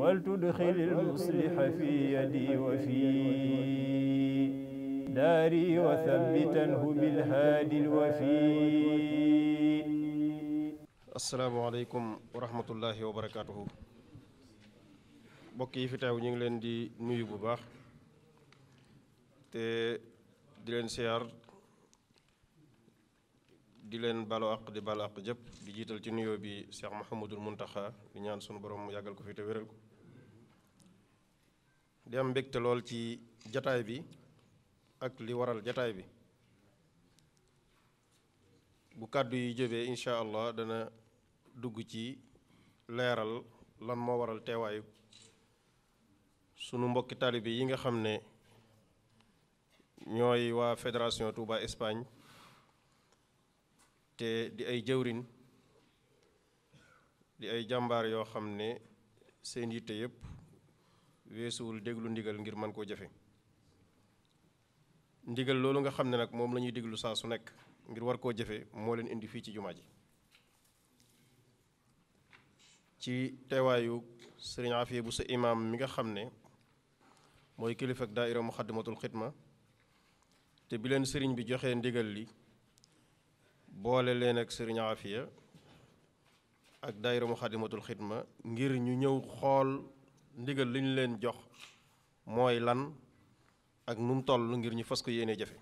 ولتدخل المصلح في يدي وفي داري وثبتنه بالهادي wa rahmatullahi wa barakaatuhu mbokk yi fi teew ñu ngi leen di nuyu bu baax te di leen siyaar di leen balu àq di balu àq jëpp di jiital ci nuyoo bi Cheikh Mouhamadul Muntaxa di ñaan sunu borom mu yàggal ko fi te ko di am mbégte lool ci jataay bi ak li waral jataay bi bu kàddu yi jëbee incha allah dana dugg ci leeral lan moo waral teewaayu sunu mbokki taalibe yi nga xam ne ñooy waa fédération Touba Espagne te di ay jëwrin di ay jàmbaar yoo xam ne seen yitte yépp weesuwul déglu ndigal ngir mën koo jëfe ndigal loolu nga xam ne nag moom la ñuy déglu saa su nekk ngir war koo jëfe moo leen indi fii ci jumaa ji ci teewaayu sëriñ Afiya bu sa imaam mi nga xam ne mooy kilifa ak daaira muxaddamatul xidma te bi leen sëriñ bi joxe ndigal li boole leen ak sëriñ Afiya ak daaira muxaddamatul xidma ngir ñu ñëw xool ndigal li ñu leen jox mooy lan ak nu mu toll ngir ñu fas ko yéene jafe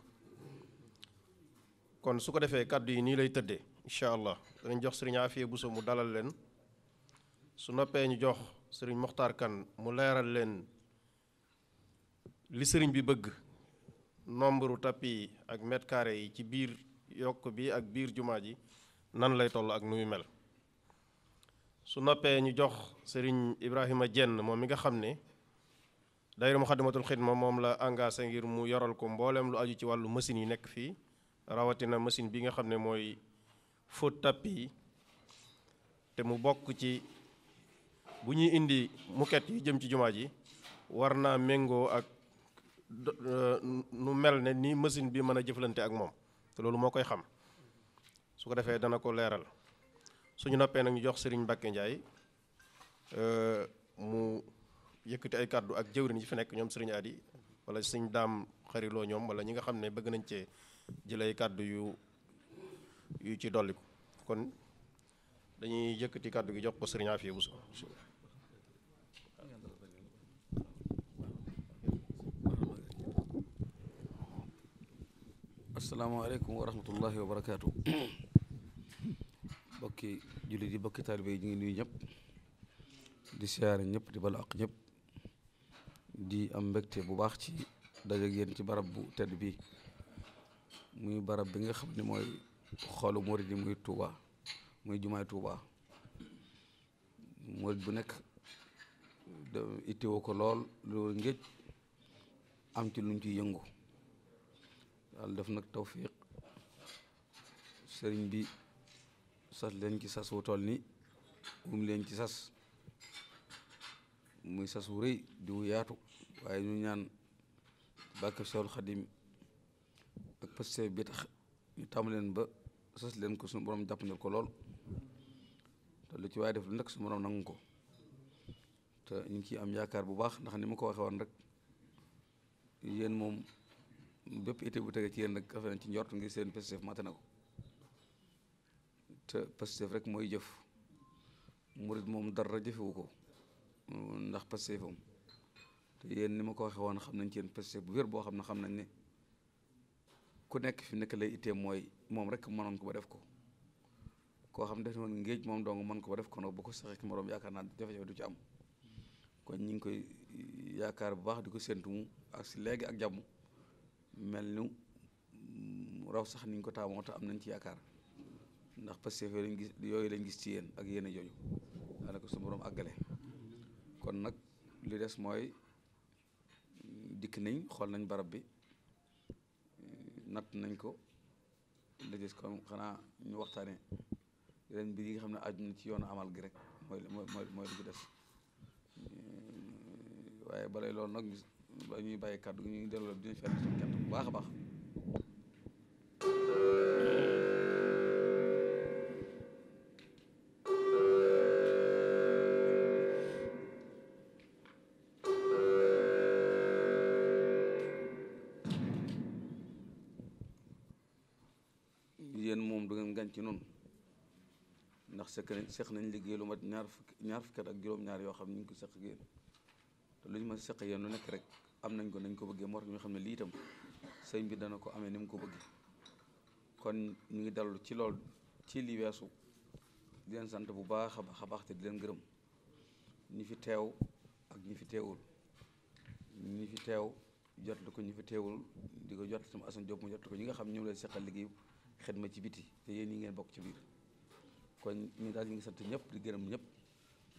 kon su ko defee kàddu yi nii lay tëddee incha allah danañ jox sëriñ Afia Bousso mu dalal leen su noppee ñu jox sëriñ Mokhtar Kane mu leeral leen li sëriñ bi bëgg nombre tapis ak mètre carré yi ci biir yokk bi ak biir jumaa ji nan lay toll ak nu mel su noppee ñu jox sëriñ Ibrahima Jenn moom mi nga xam ne daayira Muxaddamatul Xidma moom la engagé ngir mu yoral ko mboolem lu aju ci wàllu machine yi nekk fii rawatina machine bi nga xam ne mooy fóot tapis yi te mu bokk ci bu ñuy indi muket yi jëm ci jumaa ji war naa méngoo ak nu mel ne ni machine bi mën a jëflante ak moom te loolu moo koy xam su ko defee dana ko leeral suñu noppee nag ñu jox Serigne Mbacke njaay euh, mu yëkkati ay kàddu ak jëwriñ yi fi nekk ñoom Serigne Adi wala Serigne Daam xariloo ñoom wala ñi nga xam ne bëgg nañ cee jël ay kàddu yu yu ci ko kon dañuy yëkkati kàddu gi jox ko Serigne Afia Bousso asalaamaaleykum wa bokki jullit yi bokki taalibe yi ñu ngi nuy ñëpp di siyaare ñëpp di bala ak ñëpp di am mbégte bu baax ci dajeeg génn ci barab bu tedd bi muy barab bi nga xam ne mooy xoolu murid yi muy Touba muy jumaay Touba murid bu nekk itteewoo ko lool lu ngéej am ci luñ ci yëngu yàlla def nag tawfiq sëriñ bi sas leen ci sas wu toll ni um leen ci sas muy sas wu rëy di yaatu waaye ñu ñaan bàkk Seexul Xadim ak paste bi tax ñu tàmm leen ba sas leen ko suñu borom jàppandal ko lool te lu ci waaye def lu nag suñu borom nangu ko te ñu ngi ciy am yaakaar bu baax ndax ni ma ko waxee woon rek yéen moom bépp été bu tege ci yéen rek kafe ci njort ngir seen paste matte na ko te Pastef rek mooy jëf murit moom dara jëfewu ko ndax Pastefam te yéen ni ma ko waxee woon xam nañ ci yéen Pastef bu wér boo xam ne xam nañ ne ku nekk fi nekk lay itee mooy moom rek mënoon ko ba def ko koo xam def woon ngéej moom dong mën ko ba def ko nag bu ko saxee ki moroom yaakaar naa jafe-jafe ci am ñu ngi koy yaakaar bu baax di ko séntu mu ak si léegi ak jàmm mel ni raw sax niñ ko taamoo te am nañ ci yaakaar ndax Pastef yooyu lañ gis yooyu lañ gis ci yéen ak yéen yooyu jooju ko su borom àggale kon nag lu des mooy dikk nañ xool nañ barab bi eh, natt nañ ko li des kon xanaa ñu waxtaane yeneen mbir yi nga xam ne aju ci yoonu amal gi rek mooy mooy mooy li ci des eh, waaye balay loolu nag ñu ñuy bàyyi kàddu ñu ngi delloo dinañ fenn suñu cant bu baax a baax yéen moom du ngeen ci noonu ndax sekk nañ nañ liggéey lu mat ñaar fukki ñaar fukki at ak juróom-ñaar yoo xam ne ñu ngi ko seq yéen te lu ñu ma seq yéen lu nekk rek am nañ ko nañ ko bëggee moo tax ñu xam ne lii itam sëñ bi dana ko amee ni mu ko bëggee kon ñu ngi dallu ci lool ci li weesu di leen sant bu baax a baax a baax te di leen gërëm ñi fi teew ak ñi fi teewul ñi fi teew jotlu ko ñi fi teewul di ko jotlu sama Assane Diop mu jotlu ko ñi nga xam ñoom lay seqal liggéey xet ma ci biti te yéen ñi ngeen bokk ci biir kon ñu daal ñu ngi sant ñëpp di gërëm ñëpp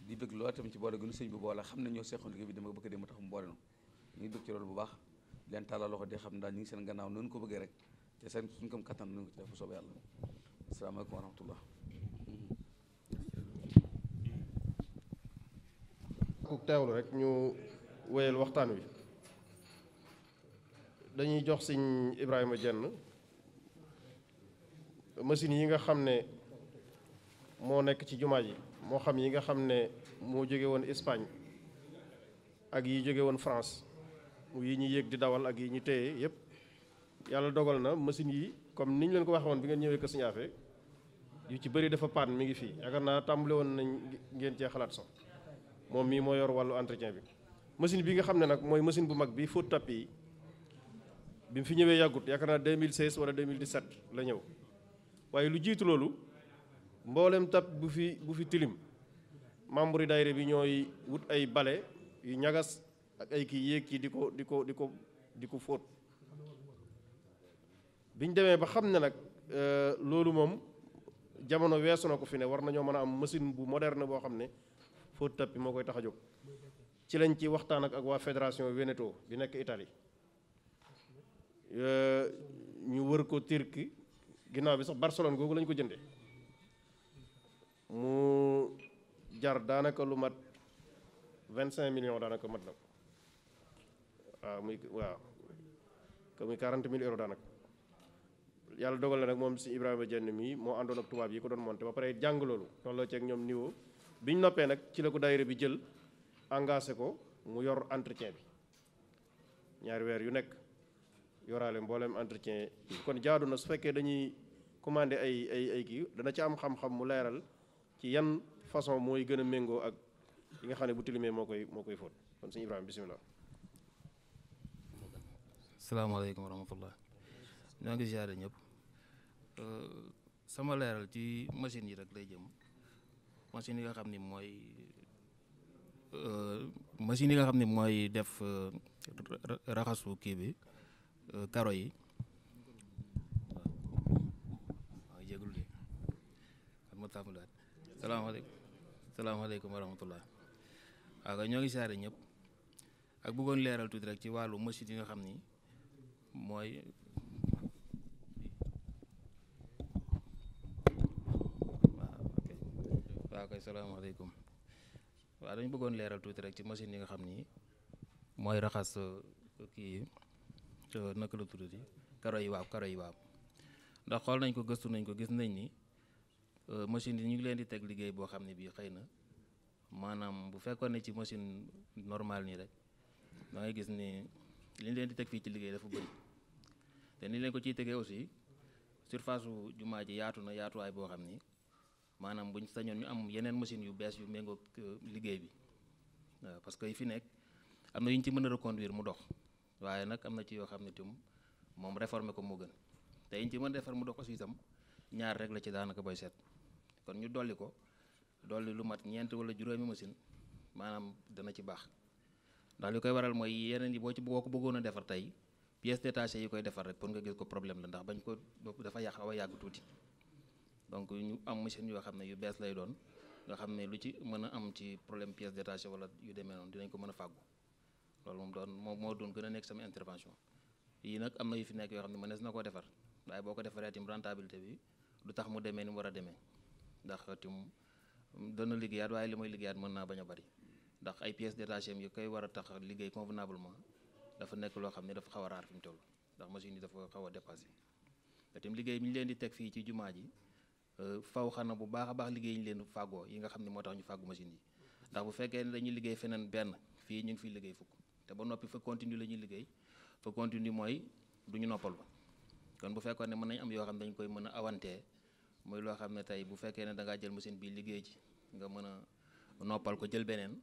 di bëgg lool tamit ci boole gi nu sëñ boole xam ne ñoo seqoon liggéey bi dama bëgg dem tax mu boole ñu ngi bëgg ci loolu bu baax leen tàllal loxo di xam daal ñu ngi seen gannaaw noonu ko bëggee rek te seen suñ kam kattan nañ ko ci def soob yàlla asalaamaaleykum wa rahmatullah ku rek ñu wéyal waxtaan wi dañuy jox sëñ Ibrahima Dieng machines yi nga xam ne moo nekk ci jumaa yi moo xam yi nga xam ne moo jóge woon Espagne ak yi jóge woon France mu yi ñu yéeg di dawal ak yi ñu téye yépp yàlla dogal na machines yi comme niñ leen ko waxee woon bi ngeen ñëwee ko siñaafe yu ci bëri dafa paan mi ngi fii yaakaar naa tàmbale woon nañ ngeen cee xalaat sax moom mii moo yor wàllu entretien bi machine bi nga xam ne nag mooy machine bu mag bi fóot tapis yi bi mu fi ñëwee yàggut yaakaar naa 2016 la ñëw waaye lu jiitu loolu mboolem tab bu fi bu fi tilim membre yi daayira bi ñooy wut ay bale yu ñagas ak ay kii yéeg kii di ko di ko di ko di ko fóot bi ñu demee ba xam ne nag euh, loolu moom jamono weesu na ko fi ne war nañoo mën a am machine bu moderne boo xam ne fóot tab moo koy tax a jóg ci lañ ci waxtaan ak ak waa fédération Veneto bi nekk itali euh, ñu wër ko Turquie ginnaaw bi sax Barcelone googu lañ ko jënde mu jar daanaka lu mat vingt cinq millions daanaka mat la ko waaw muy waaw que muy quarante mille euros daanaka yàlla dogal na nag moom si Ibrahima Dieng mii moo àndoon ak tubaab yi ko doon monté ba pare jàng loolu tolloo ceeg ñoom niveau bi ñu noppee nag ci la ko daayira bi jël engagé ko mu yor entretien bi ñaari weer yu nekk yoraale mbooleem entretien kon jaadu na su fekkee dañuy commandé ay ay ay kii dana ci am xam-xam mu leeral ci yan façon mooy gën a méngoo ak li nga xam ne bu tilimee moo koy moo koy fóot kon sëñ Ibrahima bisimilah. salaamaaleykum wa rahmatullah ñoo ngi ziare ñëpp euh, sama leeral ci machine yi rek lay jëm machine yi nga xam ni mooy euh, machine yi nga xam ni mooy def euh, raxasu kii bi karo yi. tàmbaliwaat salaamaaleykum salaamaaleykum wa rahmatullah waaw ñoo ngi saare ñëpp ak bëggoon leeral tuuti rek ci wàllu masjid yi nga xam ni mooy waaw kay salaamaaleykum waaw bëggoon leeral tuuti rek ci machine yi nga xam ni mooy raxas uh, ki uh, naka la tuddati karo yi karo yi ndax xool nañ ko gëstu nañ ko gis nañ ni Euh, machine yi ñu ngi leen di teg liggéey boo xam ne bii xëy na maanaam bu fekkoon ne ci machine normale nii rek da ngay gis ni li leen di teg fii ci liggéey dafa bëri te ni leen ko ciy tegee aussi surface su jumaa ji yaatu na yaatuwaay boo xam ni maanaam buñ sañoon ñu am yeneen machine yu bees yu méngoo euh, liggéey bi waaw parce que yi fi nekk am na yu ñu ci mën a reconduire mu dox waaye nag am na ci yoo xam ne tam moom réformer ko moo gën te yi ñu ci mën a defar aussi itam ñaar rek la ci daanaka bay seet kon ñu dolli ko dolli lu mat ñeent wala juróomi machine maanaam dana ci baax ndax li koy waral mooy yeneen yi boo ci boo ko bëggoon a defar tey pièces détachées yi koy defar rek pour nga gis ko problème la ndax bañ ko dafa yàq a yàgg tuuti donc ñu am machine yoo xam ne yu bees lay doon nga xam ne lu ci mën a am ci problème pièces détachées wala yu demee noonu dinañ ko mën a fàggu loolu moom doon moom moo doon gën a nekk sama intervention yii nag am na yu fi nekk yoo xam ne mënees na koo defar waaye boo ko defaree itam rentabilité bi du tax mu demee ni war a demee ndax tim dana liggéeyaat waaye li mooy liggéeyaat mën naa bañ a bari ndax ay pièces détachées yi koy war a tax liggéey convenablement dafa nekk loo xam ne dafa xaw a raar fi mu toll ndax machine yi dafa xaw a dépassé te tim liggéey bi ñu leen di teg fii ci jumaa ji euh, faw xana bu baax a baax liggéey ñu leen fàggoo yi nga xam ne moo tax ñu fàggu machine yi ndax bu fekkee ne dañuy liggéey feneen benn fii ñu ngi fiy liggéey fukk te ba noppi fa continue la ñuy liggéey fa continue mooy du ñu noppal bu fekkoon ne mën nañ am yoo xam ne dañ koy mën a awantee muy loo xam ne tey bu fekkee ne da ngaa jël machine bii liggéey ci nga mën a noppal ko jël beneen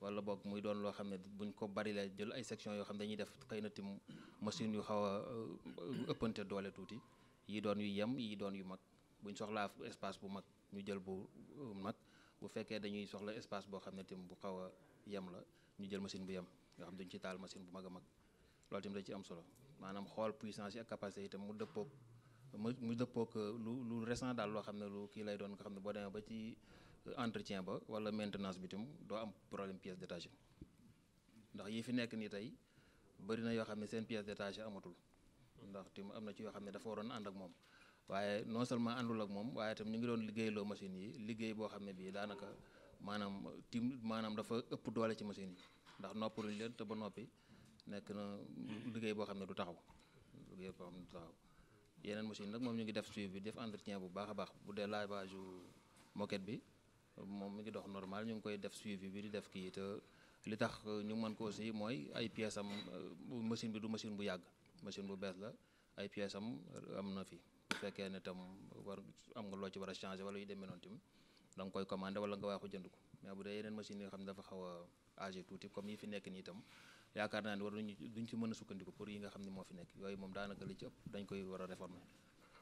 wala boog muy doon loo xam ne buñ ko barilee jël ay section yoo xam ne dañuy def xëy na tim machine yu xaw a euh, ëppante doole tuuti yi doon yu yem yi doon yu mag buñ soxlaa espace bu mag ñu jël bu euh, mag bu fekkee dañuy soxla espace boo xam ne tim bu xaw a yem la ñu jël machine bu yem nga xam duñ ci taal machine bu mag a mag loolu tim da ci am solo maanaam xool puissance yi ak itam mu dëppoog mu dëppook euh, lu lu récent daal loo xam ne lu kii lay doon nga xam ne boo demee ba ci euh, entretien ba wala maintenance bi tam doo am problème pièce détachée ndax yi fi nekk nii tey bëri na yoo xam ne seen pièce détachée amatul ndax tim am na ci yoo xam ne dafa waroon ànd ak moom waaye non seulement àndul ak moom waaye tam ñu ngi doon liggéeyloo machine yi liggéey boo xam ne bii daanaka maanaam tim maanaam dafa ëpp doole ci machine yi ndax noppaluñ leen te ba noppi nekk na liggéey boo xam ne du taxaw yeneen machine nag moom ñu ngi def bi def entretien bu baax a baax bu dee lavage moquette bi moom mi ngi dox normal ñu ngi koy def suivi bi di def kii te li tax euh, ñu mën ko aussi mooy ay pièces am euh, machine bi du machine bu yàgg machine bu bees la ay pièces am euh, am na fi bu fekkee ne tam war am nga loo ci war a changer wala yu demee noonu tamit da nga koy commander wala nga waaxu jënd ko mais bu dee yeneen machines yi nga xam ne dafa xaw a âgé tuuti comme yi fi nekk nii yaakaar naa ni war nañu duñ ci mën a sukkandiku pour yi nga xam ne moo fi nekk yooyu moom daanaka li ci ëpp dañ koy war a réformer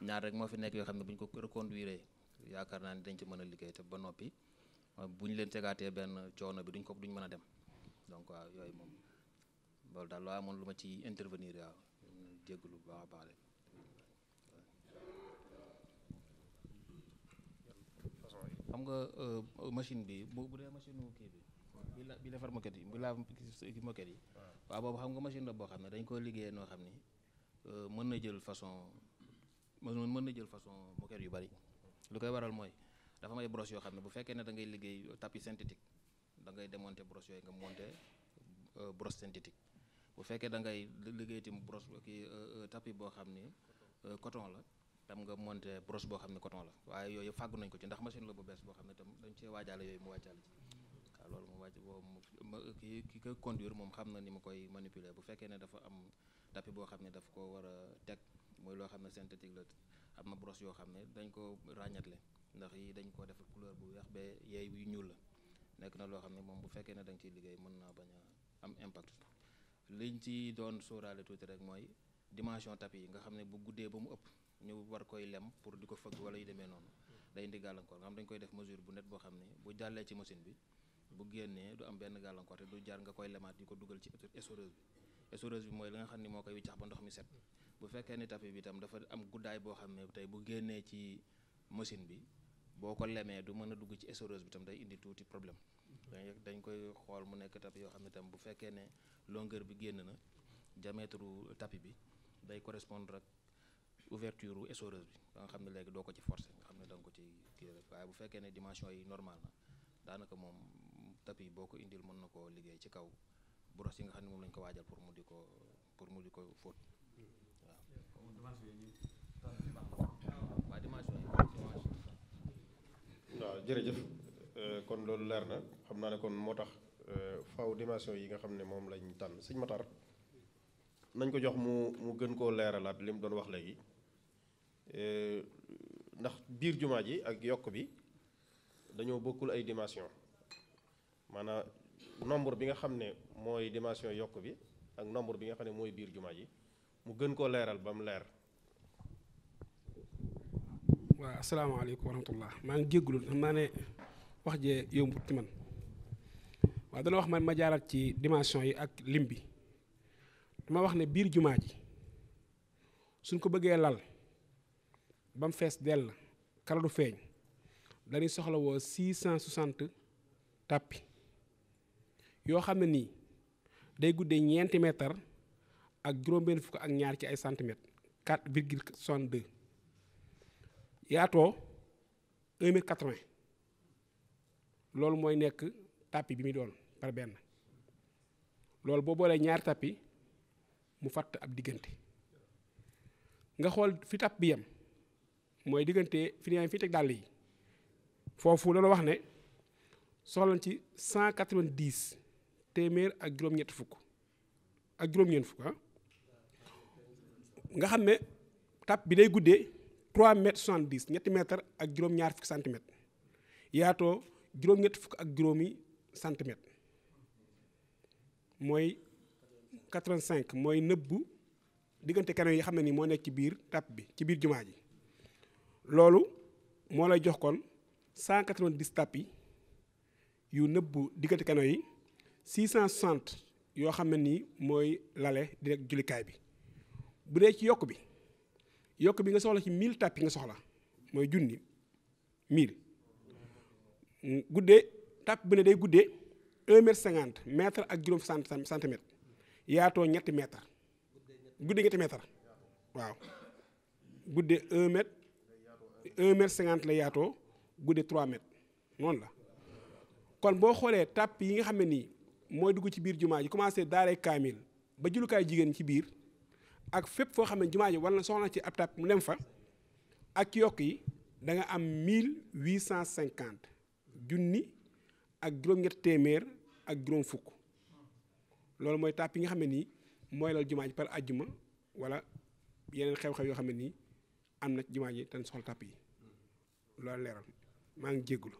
ñaar rek moo fi nekk yoo xam ne bu ñu ko reconduire yaakaar naa dañ ci mën a liggéey te ba noppi euh, bu ñu leen tegaatee benn coono bi duñ ko duñ mën a dem donc waaw yooyu moom loolu daal loo amoon lu ma ci intervenir waaw jéggalu baax a baax xam nga euh, machine bi bu bu dee machine kii bi bi la bi defar moquette yi bi laaf moquette yi waaw boobu xam nga machine la boo xam ne dañ koo liggéeyee noo xam ni euh, mën na jël façon mën na jël façon moquette yu bari lu koy waral mooy dafa may brosse yoo xam ne bu fekkee ne da ngay liggéey tapis synthétique da ngay démonter brosse yooyu nga monter euh, brosse synthétique bu fekkee da ngay liggéey tim brosse kii euh, tapis boo xam ni coton la tam nga monter brosse boo xam ne coton la waaye yooyu fàggu nañ ko ci ndax machine la bu bees boo xam ne tam dañ cee waajaale yooyu mu wàccaale ci loolu moom wàcc boobu ki ki ko conduire moom xam na ni ma koy manipuler bu fekkee ne dafa am tapis boo xam ne daf ko war a teg mooy loo xam ne synthétique la am na brosse yoo xam ne dañ ko ràññatle ndax yi dañ ko defar couleur bu weex ba yeey yu ñuul la nekk na loo xam ne moom bu fekkee ne da nga liggéey mën naa bañ a am impact liñ ci doon sóoraale tuuti rek mooy dimension tapis yi nga xam ne bu guddee ba mu ëpp ñu war koy lem pour di ko fëgg wala yu demee noonu mm. day indi gàllankoor nga xam dañ koy def mesure bu net boo xam ne bu jàllee ci machine bi bu génnee du am benn gàllankoor te du jar nga koy lemaat di ko dugal ci essoreuse bi essoreuse bi mooy la xam ni moo koy wiccax ba ndox mi set bu fekkee ni tapis bi itam dafa am guddaay boo xam ne tey bu génnee ci machine bi boo ko lemee du mën a dugg ci essoreuse bi tam day indi tuuti problème dañ koy xool mu nekk tapis yoo xam ne tam bu fekkee ne longueur bi génn na diamètre tapis bi day correspondre ak ouverture u bi ba xam ne léegi doo ko ci forcer nga xam ne da nga ko ci kii waaye bu fekkee ne dimension yi normal na tapis boo ko indil mën na koo liggéey ci kaw brosse yi nga xam ne moom lañ ko waajal pour mu di ko pour mu di ko fóot jërëjëf euh, kon loolu leer na xam naa ne kon moo tax euh, faw dimension yi nga xam ne moom lañ tànn sëñ Matar nañ ko jox mu mu gën koo leeralaat li mu doon wax léegi euh, ndax biir jumaa ji ak yokk bi dañoo bokkul ay dimension maanaam nombre bi nga xam ne mooy dimension yokk bi ak nombre bi nga xam ne mooy biir jumaa ji mu gën koo leeral ba mu leer waaw asalaamaaleykum wa rahmatullah maa ngi jégglu xam wax jee yombut ci man waaw wax man ma jaaral ci dimension yi ak lim bi dama wax ne biir jumaa ji suñ ko bëggee lal ba mu fees dell kala du feeñ dañuy soxla woo 660 tàppi yoo xam ne nii day guddee ñeenti meetar ak juróom-benn fukk ak ñaar ci ay centimètres 4 virgule 62 yaatoo 1 mètre 80 loolu mooy nekk tapis bi muy doon par benn loolu boo boolee ñaari tapis mu fàtt ab diggante nga xool fi tap bi yem mooy diggante fi ñu fi teg dàll yi foofu dañoo wax ne soxlañ ci 190. téeméer ak juróom-ñett fukk ak juróom-ñeent ah. nga xam ne tap bi day guddee 3 mètres 70 ñetti mètre ak juróom-ñaar fukki centimètres yaatoo juróom-ñett fukk ak juróomi centimètres mooy 85 mooy nëbbu diggante kanam yi xam ne ni moo nekk ci biir tap bi ci biir jumaa ji loolu moo lay jox kon 190 tapis yu nëbbu diggante kanam yi. cent 660 yoo xam ne nii mooy lale direct jullikaay bi bu dee ci yokk bi yokk bi nga soxla ci mille 1000 tapis nga soxla mooy junni 1000 gudde tapis bu ne day guddee 1 mètre 50 mètre ak juróom centimètre yaatoo ñetti mètre guddee ñetti mètre waaw guddee 1 mètre 1 mètre 50 la yaatoo gudde 3 mètre noonu la kon boo xoolee tapis yi nga xam ne nii. mooy dugg ci biir jumaa ji commencé daaree kaamil ba julukaay jigéen ci biir ak fépp foo xam ne jumaa ji war na ci ab tap mu nem fa ak yokk yi danga am mille huit cent cinquante junni ak juróom-ñett téeméer ak juróom fukk loolu mooy tàpp yi nga xam ne nii mooy lal jumaa ji par ajjuma wala yeneen xew-xew yoo xam ne nii am na jumaa ji tan soxla tàpp yi loolu leeral maa ngi jéggulu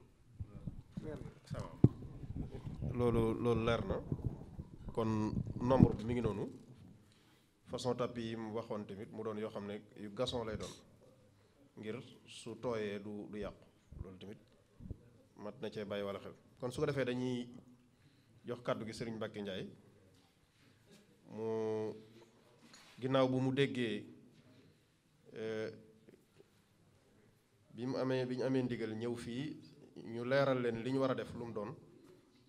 loolu loolu leer na kon nombre bi mi ngi noonu façon tapis yi mu waxoon tamit mu doon yoo xam ne yu gason lay doon ngir su tooyee du du yàqu loolu tamit mat na cee bàyyi wala xel kon su ko defee dañuy jox kàddu gi sëriñ Mbacke njaay mu ginnaaw bi mu déggee eh, bi mu amee bi ñu amee ndigal ñëw fii ñu leeral leen li ñu war a def lu mu doon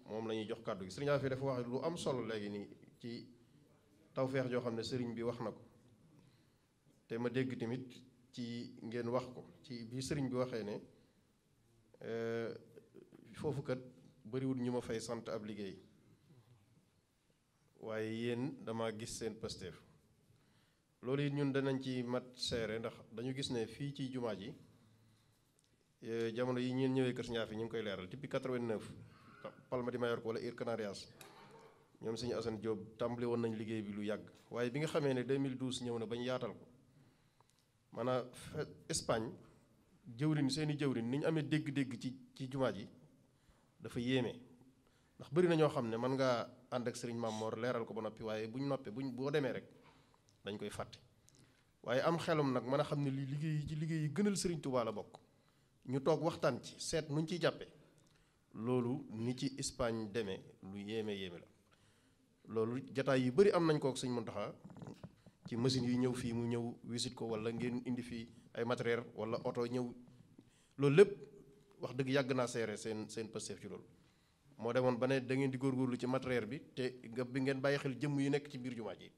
moom la ñuy jox kàddu gi sëriñ Afia dafa wax lu am solo léegi nii ci tawfeex joo xam ne sëriñ bi wax na ko te ma dégg tamit ci ngeen wax ko ci bi sëriñ bi waxee ne euh, foofu kat bariwul ñu ma fay sant ab liggéey waaye yéen dama gis seen pasteef loolu it ñun danañ ci mat seere ndax dañu gis ne fii ci jumaa ji euh, jamono yi ñeen ñëwee kër Sëriñ Afia ñu ngi koy leeral depuis 89 Palma de Mallorca wala Air Canarias ñoom suñu Assane Diop tàmbali woon nañ liggéey bi lu yàgg waaye bi nga xamee ne 2012 ñëw na bañ yaatal ko maanaam Espagne jëwriñ seeni jëwriñ ni ñu amee dégg-dégg ci ci jumaa ji dafa yéeme ndax bari na ñoo xam ne mën ngaa ànd ak sëriñ Maam Mor leeral ko ba noppi waaye buñ noppee bu ñu boo demee rek dañ koy fàtte waaye am xelum nag mën a xam ne li liggéey yi ci liggéey yi gënal sëriñ Tuubaa la bokk ñu toog waxtaan ci seet loolu ni ci Espagne demee lu yéeme yéeme la loolu jataay yi bari am nañ ko ak sëñ Muntaxa ci machine yu ñëw fii mu ñëw wisit ko wala ngeen indi fii ay matériel wala oto ñëw loolu lépp wax dëgg yàgg naa seere seen seen pasteef ci loolu moo demoon ba ne da ngeen di góorlu ci matériel bi te nga bi ngeen bàyyi xel jëmm yu nekk ci biir jumaa yi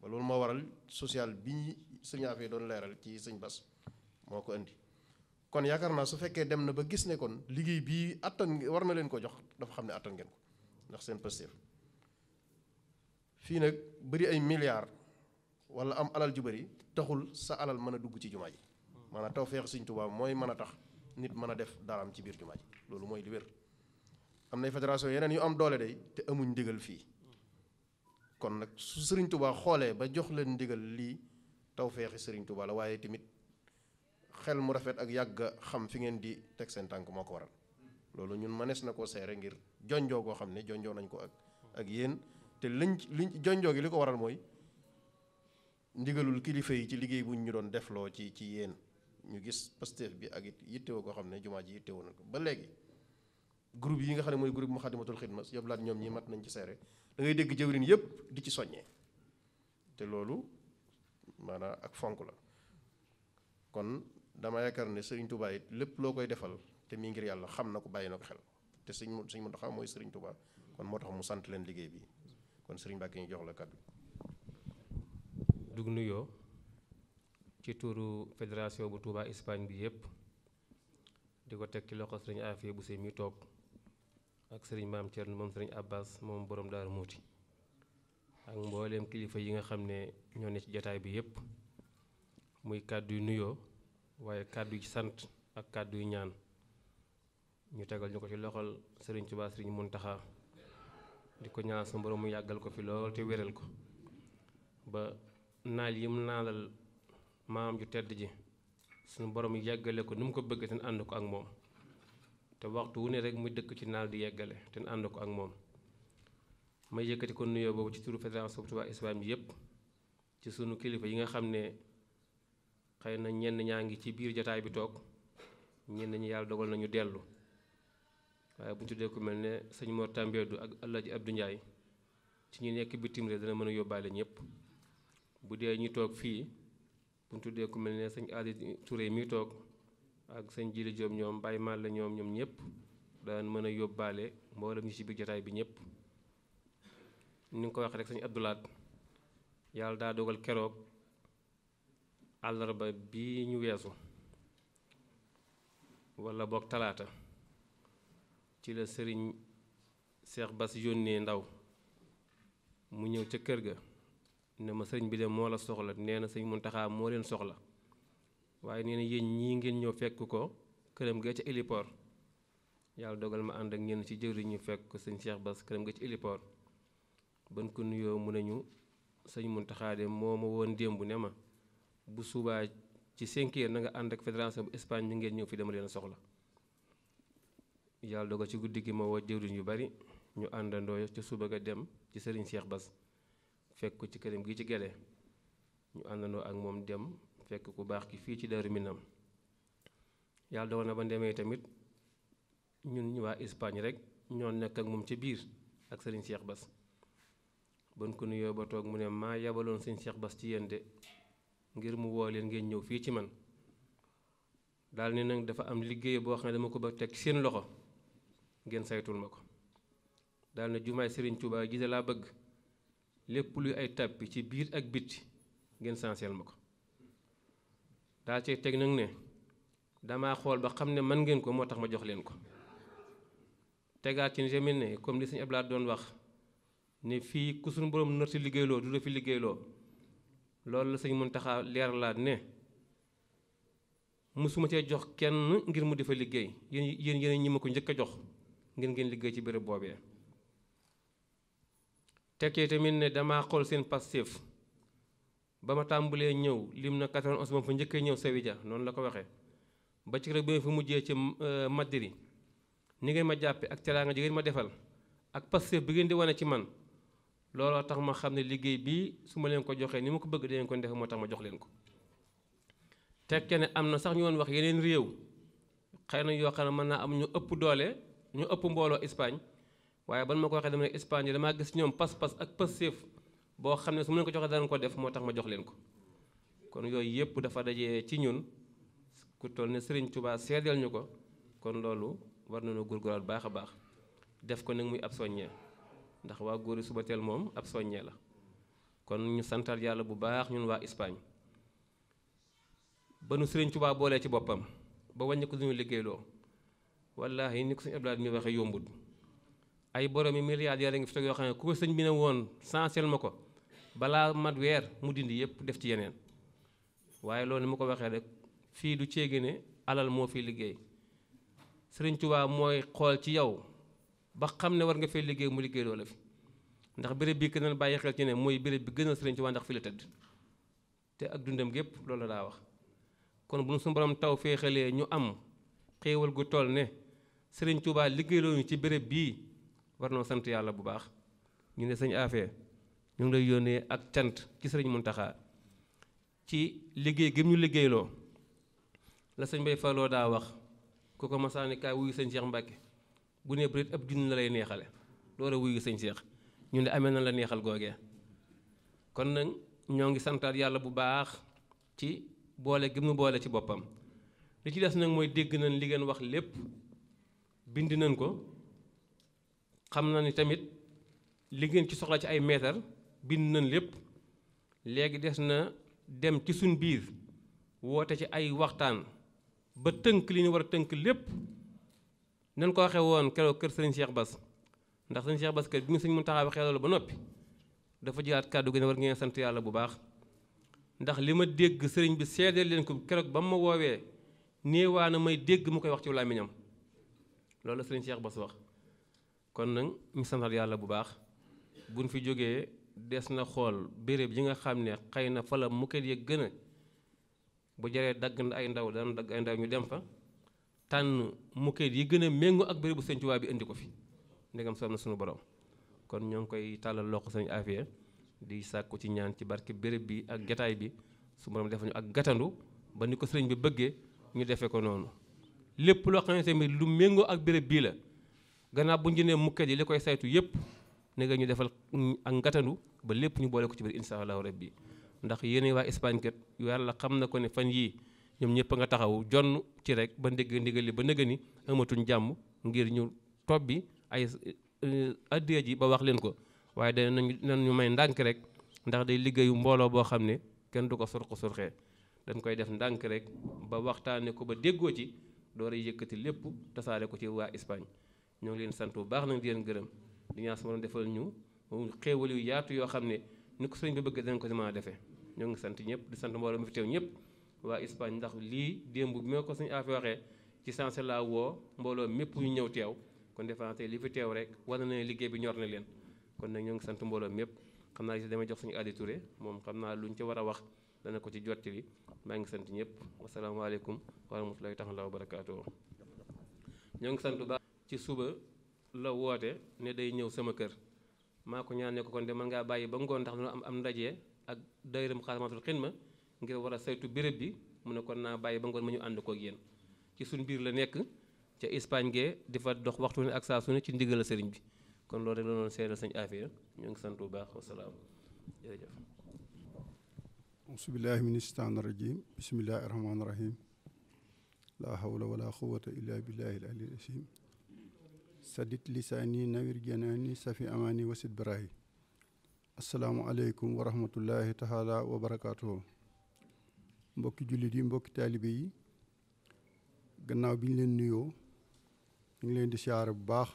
ba loolu moo waral sociale bi ñu sëñ Afee doon leeral ci sëñ Bas moo ko indi kon yaakaar naa su fekkee dem na ba gis ne kon liggéey bii àttan war na leen ko jox dafa xam ne attan ngeen ko ndax seen Pastef fii nag bëri ay milliards wala am alal ju bëri taxul sa alal mën a dugg ci jumaa ji taw tawfeex Sëriñ tubaa mooy mën a tax nit mën a def daraam ci biir jumaa ji loolu mooy li wér am nay fédération yeneen yu am doole day te amuñ ndigal fii kon nag su Sëriñ Tuubaa xoolee ba jox leen ndigal lii taw tawfeexi Sëriñ Tuubaa la waaye tamit xel mu rafet ak yàgg xam fi ngeen di teg seen tànk moo ko waral loolu ñun mënees na koo seere ngir jonjoo goo xam ne jonjoo nañ ko ak ak yéen te liñ liñ jonjoo gi li ko waral mooy ndigalul kilifa yi ci liggéey buñ ñu doon defloo ci ci yéen ñu gis Pastef bi ak it yittewoo goo xam ne jumaa ji yittewoo na ko ba léegi groupe yi nga xam ne mooy groupe Muxaddamatul Xidma yëpp laat ñoom ñi mat nañ ci seere da dégg jëwrin yëpp di ci soññee te loolu maanaam ak fonk la kon dama yaakaar ne sëriñ Touba lépp loo koy defal te mi ngir yàlla xam na ko bàyyi na ko xel te sëñ mu sëñ Mountakha mooy sëriñ Touba kon moo tax mu sant leen liggéey bi kon sëriñ Mbacke ñu jox la kàddu dug nuyoo ci tuuru fédération bu Touba Espagne bi yëpp di ko teg ci loxo sëriñ Afia bu sey mi toog ak sëriñ Maam Thierno moom sëriñ Abbas moom boroom Daaru Muuti ak mbooleem kilifa yi nga xam ne ñoo ne ci jataay bi yëpp muy kàddu yu nuyoo waaye kàddu yi sant ak kàddu yu ñaan ñu tegal ñu ko ci loxol sëriñ Tuubaa sëriñ Muntaxa di ko ñaan sa borom mu yàggal ko fi lool te wéral ko ba naal yi mu naalal maam ju tedd ji suñu borom yàggale ko ni mu ko bëggee te ànd ko ak moom te waxtu wu ne rek mu dëkk ci naal di yeggale te ànd ko ak moom ma yëkkati ko nuyoo boobu ci turu fédération Touba Islam bi yépp ci sunu kilifa yi nga xam ne xëy na ñenn ñaa ngi ci biir jataay bi toog ñenn ñi yàlla dogal nañu dellu waaye bu ñu tuddee ku mel ne sëñ Mor Tambédou ak Alaaji Abdou Ndiaye ci ñu nekk bitim réew dana mën a yóbbaale ñépp bu dee ñu toog fii bu ñu tuddee ku mel ne sëñ Aadi ture mi toog ak sëñ Jili Diop ñoom Baye Malle ñoom ñoom ñëpp daan mën a yóbbaale mboolem ñu ci biir jataay bi ñëpp. ni nga ko wax rek sañ Abdoulaat yàlla daa dogal keroog. àllarba bii ñu weesu wala boog talaata ci la sëriñ seex bas yónnee ndaw mu ñëw ca kër ga ne ma sëriñ bi de moo la soxla nee na sëñ Muntaxa moo leen soxla waaye nee na yéen ñii ngeen ñëw fekk ko këram ga ca héliport yàlla dogal ma ànd ak ñenn ci jëwri ñu fekk ko sëñ Cheikh Bass këram ga ci héliport ban ko nuyoo mu ne ñu sëñ Muntaxa de moo ma woon démb ne ma bu subaa ci 5 heures na nga ànd ak fédération bu Espagne bi ngeen ñëw fi dama leen soxla yàlla ko ci guddi gi ma woo jëwriñ yu bari ñu àndandoo ca suba ga dem ci sëriñ seex bas fekk ko ci këram gi ci gele ñu àndandoo ak moom dem fekk ku baax gi fii ci Daaru Minam yàlla dogal na ba demee tamit ñun waa Espagne rek ñoo nekk ak moom ci biir ak sëriñ seex bas ban ko nuyoo ba toog mu ne maa yabaloon sëriñ seex bas ci yéen de ngir mu woo leen ngeen ñëw fii ci man daal ne nag dafa am liggéey boo xam ne dama ko ba teg ci seen loxo ngeen saytul ma ko daal ne jumaay Serigne Touba ji laa bëgg lépp luy ay tàppi ci biir ak bitti ngeen sanseel ma ko daa teg nag ne dama xool ba xam ne man ngeen ko moo tax ma jox leen ko tegaat ci ne comme li sëñ laa doon wax ne fii ku suñu borom nër si liggéeyloo du la fi liggéeyloo loolu la sëñ Muntaxa leeralaat ne musuma cee jox kenn ngir mu defa liggéey yéen yéen yéen ñi ma ko njëkk a jox ngeen ngeen liggéey ci béréb boobee tekkee tamit ne dama xool seen passif ba ma tàmbulee ñëw lim na 91 ba fa njëkkee ñëw Sewija noonu la ko waxee ba ci rek ba fi mujjee ci euh, Madrid ni ngeen ma jàppe ak teraanga ji ngeen ma defal ak passif bi ngeen di wane ci man looloo tax ma xam ne liggéey bii su ma leen ko joxee ni ma ko bëgg dangeen ko def moo tax ma jox leen ko tekke ne am na sax ñu woon wax yeneen réew xëy na yoo xam ne mën naa am ñu ëpp doole ñu ëpp mbooloo Espagne waaye ban ma ko waxee dama ne Espagne yi damaa gis ñoom pas-pas ak pas-séef boo xam ne su ma leen ko joxee danañ ko def moo tax ma jox leen ko kon yooyu yëpp dafa daje ci ñun ku toll ne Serigne Touba seedeel ñu ko kon loolu war nañoo góorgóorlu baax a baax def ko nag muy ab soññee ndax waa góori suba teel moom ab soññee la kon ñu santal yàlla bu baax ñun waa Espagne ba nu Sëriñ Tuubaa boolee ci boppam ba wàññi ko duñu liggéeyloo wallaahi ni ko suñu ablaad mi waxee yombul ay borom yi milliardaires yi ngi fi toog yoo ne ku ko sëñ bi ne woon sanseel ma ko balaa mat weer mu dindi yépp def ci yeneen waaye loolu mu ko waxee rek fii du ceegi ne alal moo fiy liggéey Sëriñ Tuubaa mooy xool ci yow ba xam ne war nga fee liggéey mu liggéey loola fi ndax béréb bi gën a bàyyi xel ci ne mooy béréb bi gën a sëriñ ci waa ndax fi la tëdd te ak dundam gépp loolu laa wax kon bu nu suñu taw fee ñu am xéewal gu toll ne sëriñ Tuubaa liggéeyloo ñu ci béréb bii war noo sant yàlla bu baax ñu ne sëñ Afee ñu ngi lay yónnee ak cant ci sëriñ Muntaxa ci liggéey gi ñu liggéeyloo la sëñ Bay Faloo daa wax ku ko masaani kaay wuyu sëñ Cheikh Mbàkke bu ne bërit ab junni la lay neexale door a wuyu sëñ Cheikh ñu ne amee na la neexal googe kon nag ñoo ngi santaat yàlla bu baax ci boole gi mu boole ci boppam li ci des nag mooy dégg nañ li ngeen wax lépp bind nañ ko xam na ni tamit li ngeen ci soxla ci ay meetar bind nañ lépp léegi des na dem ci suñ biir woote ci ay waxtaan ba tënk li ñu war a tënk lépp nañ ko waxee woon keroog kër sëriñ Cheikh Bass ndax sëriñ Cheikh Bass kat bi mu sëñ Muntaxa waxee loolu ba noppi dafa jëlaat kàddu gi ne war ngeen sant yàlla bu baax ndax li ma dégg sëriñ bi seedeel leen ko keroog ba mu ma woowee néewaa na may dégg mu koy wax ci làmmiñam loolu la sëriñ Cheikh Bass wax kon nag ñu santal yàlla bu baax bu buñ fi jógee des na xool béréb yi nga xam ne xëy na fa la mu ko yëg gën a bu jaree dagg ay ndaw dana dagg ay ndaw ñu dem fa tànn mukkeet yi gën a méngoo ak bérébu sëñ Tuubaa bi indi ko fi ndegam soob na suñu borom kon ñoo ngi koy tàllal loxo sëñ Afia di sàkku ci ñaan ci barke béréb bi ak jataay bi su borom ak gatandu ba ni ko sëriñ bi bëggee ñu defee ko noonu lépp loo xam ne lu méngoo ak béréb bii la gannaar bu ñu nee yi li koy saytu yëpp ne ñu defal ak ngatandu ba lépp ñu boole ko ci biir incha allahu rabbi ndax yéen waa Espagne kat yàlla xam na ko ne fan yii ñoom ñëpp nga taxaw jonn ci rek ba ndigg ndigal ba nëgë ni amatuñ jàmm ngir ñu tobbi ay eh, addiya ji ba wax leen ko waaye de nañ ñu may ndànk rek ndax day liggéeyu mbooloo boo xam ne kenn du ko surqu surxee dañ koy def ndànk rek ba waxtaane ko ba déggoo ci door a yëkkati lépp tasaare ko ci waa Espagne ñoo leen sant bu baax nag di leen gërëm di ñaan sama defal ñu xéewal yu yaatu yoo xam ne ni ko sëñ bi bëgg dañ ko si defe ñoo ngi sant ñëpp di sant mbooloo mu fi teew ñëpp waa Espagne ndax lii démb bi ma ko suñu affaire waxee ci sensé laa woo mbooloo mépp ñu ñëw teew kon defante li fi teew rek war na liggéey bi ñor na leen kon nag ñoo ngi sant mbooloo mépp xam naa si damay jox suñu Adi moom xam naa luñ ci war a wax dana ko ci jottali maa ngi sant ñëpp wasalaamaaleykum wa rahmatulahi taala wa barakaatu ñoo ngi sant ba ci suba la woote ne day ñëw sama kër maa ko ñaan ne ko kon de mën ngaa bàyyi ba ngoon ndax dina am am ndaje ak dayram xaadamatul xidma ngir war a saytu béréb bi mu ne kon naa bàyyi ba ngoon ma ñu ànd kook yéen ci suñ biir la nekk ca Espagne gee di fa dox waxtu ne ak saa su ci ndigal sëriñ bi kon loolu rek la doon seeral sañ affaire ñoo ngi sant bu baax wa salaam jërëjëf asubillahi min shaytaani rajim bismillahi rahmaani wasit barahi asalaamualeykum wa rahmatullahi taala wa mbokki jullit yi mbokki taalibe yi gannaaw bi ñu leen nuyoo ñu leen di siyaare bu baax